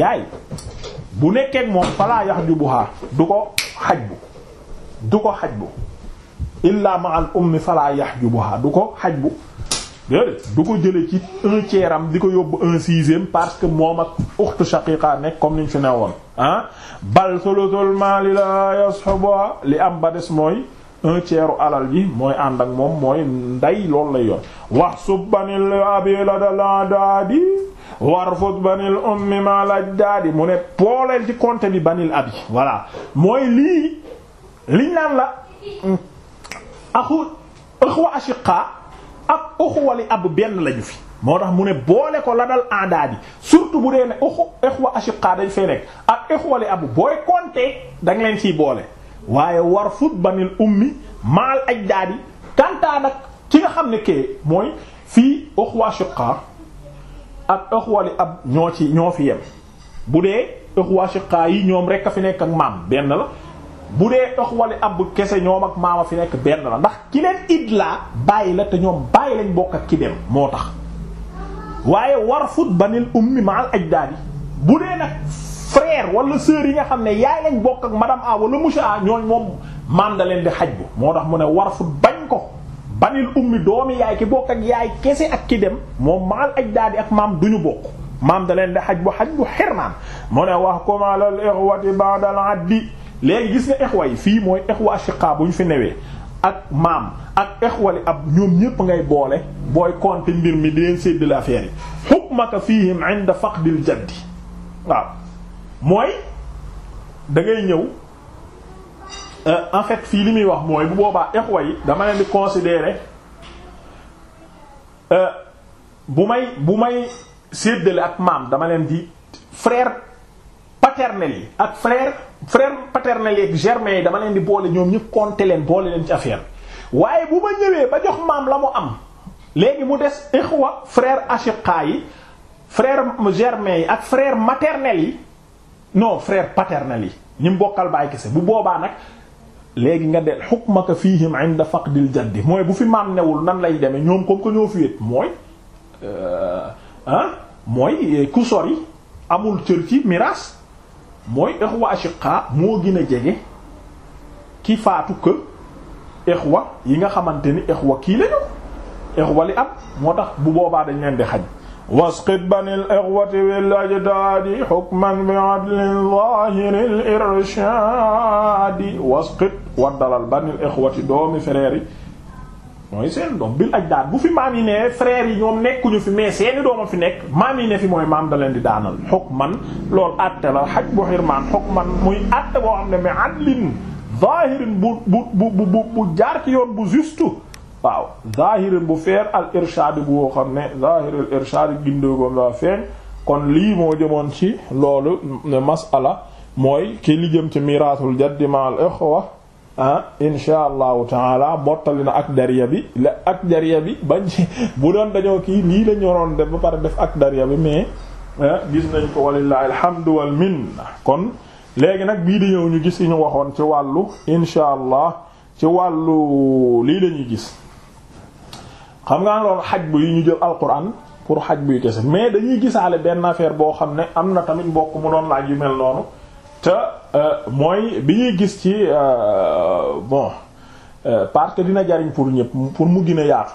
yaay bu nekkee moom falaa yax ju bu xaar du ko xaj bu du ko xaj bu illa ma al ummi falaa yax ju bu du ko xaj bu déedéet du ko jële ci un tiers di ko yóbbu un sixième parce que moom ak uxtu shaqiqa nekk comme niñ fi ne woon ah bal solotul maali la yashuba li am ba des mooy un tiers alal ji mooy ànd ak moom mooy nday loolu lay yoon wax sub banil abi la da la daadi war fut banil ummi ma laj daadi mu ne pooleel ci compte bi banil abi voilà mooy lii liñ naan la mm, axu ashiqa ak uxwali ab benn lañu fi moo tax mu ne boole ko la dal àndaa bi surtout bu dee ne uxu ixwa ashiqa dañ fay nekk ak ixwali abu booy compter da nga leen ciy boole waaye war fut banil ummi maal ajdaadi kantaa nag ci nga xam ne kee mooy fii uxwa ashiqa ak uxwali ab ñoo ci ñoo fi yem bu dee uxwa ashiqa yi ñoom rek a fi nekk ak maam benn la bu dee dox wala ab kese ñoom ak maama fi nekk benn la ndax ki leen id laa bàyyi la te ñoom bàyyi lañ bokk ak ki dem moo tax waaye war fut banil ummi ma al ajdaadi bu dee nag frère wala sœur yi nga xam ne yaay lañ bokk ak madame a wala monsieur a ñooñ moom maam da leen di xaj bu moo tax mu ne war fut bañ ko banil ummi doomi yaay ki bokk ak yaay kese ak ki dem moom ma al ajdaadi ak maam duñu bokk maam da leen di xaj bu xaj bu xirmaan mu ne wax comme al léegi gis nga exwa yi fii mooy exwa ashiqa bu ñu fi newee ak maam ak exwali ab ñoom ñépp ngay boole booy compter mbir mi di leen séddale affaire yi hukmaka fihim inda faqdil da ngay ñëw euh, en fait fii li muy wax mooy bu boobaa exwa yi dama leen di considérer euh, bu may bu may séddale ak maam dama leen di frère paternel yi ak frère frère paternel yeeg germain yi dama leen di boole ñoom ñëpp compter leen boole leen ci affaire waaye bu ma ñëwee ba jox maam la mu am léegi mu des ixwa frère ashiqa yi frère germain yi ak frère maternel yi non frère paternel yi ñi bokkal baay kese bu boobaa nag léegi nga del hukmaka fihim inda faqdil jaddi mooy bu fi maam newul nan lay demee ñoom comme que ñoo fiwét mooy euh, ah mooy eh, ku sori amul cër ci miraas mooy ixwa ashiqa moo gën a jege ki faatu que ixwa yi nga xamante ni ixwa kii lañu ixwa li am moo tax bu boobaa dañ leen di xañ wasqit banil ixwati wil ajdaadi xukman bi adlin zahiril irshadi wasqit waddalal banil ixwati doomi frère yi mooy seen doom bil aj bu fi maam yi ne frères yi ñoom nekkuñu fi mais seeni dooma fi nekk maam yi ne fi mooy maam da leen di daanal hukman loolu àtte la xaj bu xirmaan hukman muy àtte boo xam ne mais adlin zahirin bu bu bu yoon bu juste waaw zahirin bu feer al irshad bu woo xam ne zahir al kon lii moo jëmoon ci loolu masala mooy ki li jëm ci miraatul jaddi ma al ikhwa ah insha allahu taala mottali na ak dariya bi la ak dariya bi bañ *laughs* bu doon dañoo kii lii la ñoroon def ba pare def ak dariya bi mais ah, gis nañ ko walillahi alhamdu wal minna kon léegi nag bii di ñëw ñu gis yi ñu waxoon ci wàllu insha allah ci wàllu lii la ñuy gis xam nga loolu xaj bu yi ñu jël alquran pour xaj buy kese mais dañuy gisaale benn affaire boo xam ne am na tamit bokk mu doon laaj yu mel noonu te euh, mooy bi ñuy gis ci euh, bon euh, parce que dina jariñ pour ñëpp pour mu gën a yaatu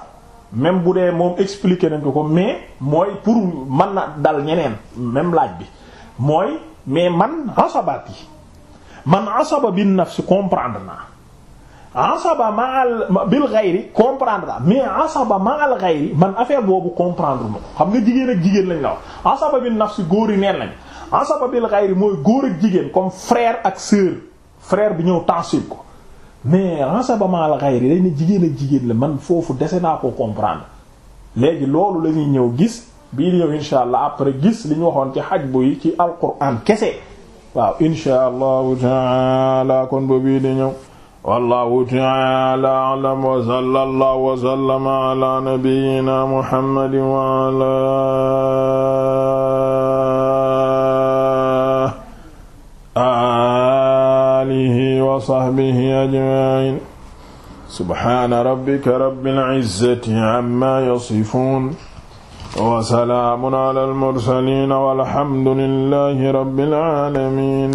même bu dee moom expliquer nañ ko ko mais mooy pour man na dal ñeneen même laaj bi mooy mais man asabaat yi man asaba bin nafsi comprendre naa asaba ma bil ghayri comprendre naa mais asaba ma al ghayri man affaire boobu comprendre ma xam nga jigéen ak jigéen lañ la wax asaba bin nafsi góor yi neen lañ asaba bil ghayri mooy góor ak jigéen comme frère ak sœur frère bi ñëw tansib ko mais asaba mal ghayri day ne jigéen ak jigéen la man foofu dese naa ko comprendre léegi loolu lañuy ñëw gis bii di ñëw insha allah après gis li ñu waxoon ci xaj bu yi ci alquran kese waaw insha allahu taala kon ba bii di ñëw wallahu taala alam wa sallallahu wa sallama ala nabiyyina muhammadin wa wa sahbihi ajma'in subhaana rabbika rabbil izzati amma yasifun wa salaamun ala al mursalin walhamdulillahi rabbil alamin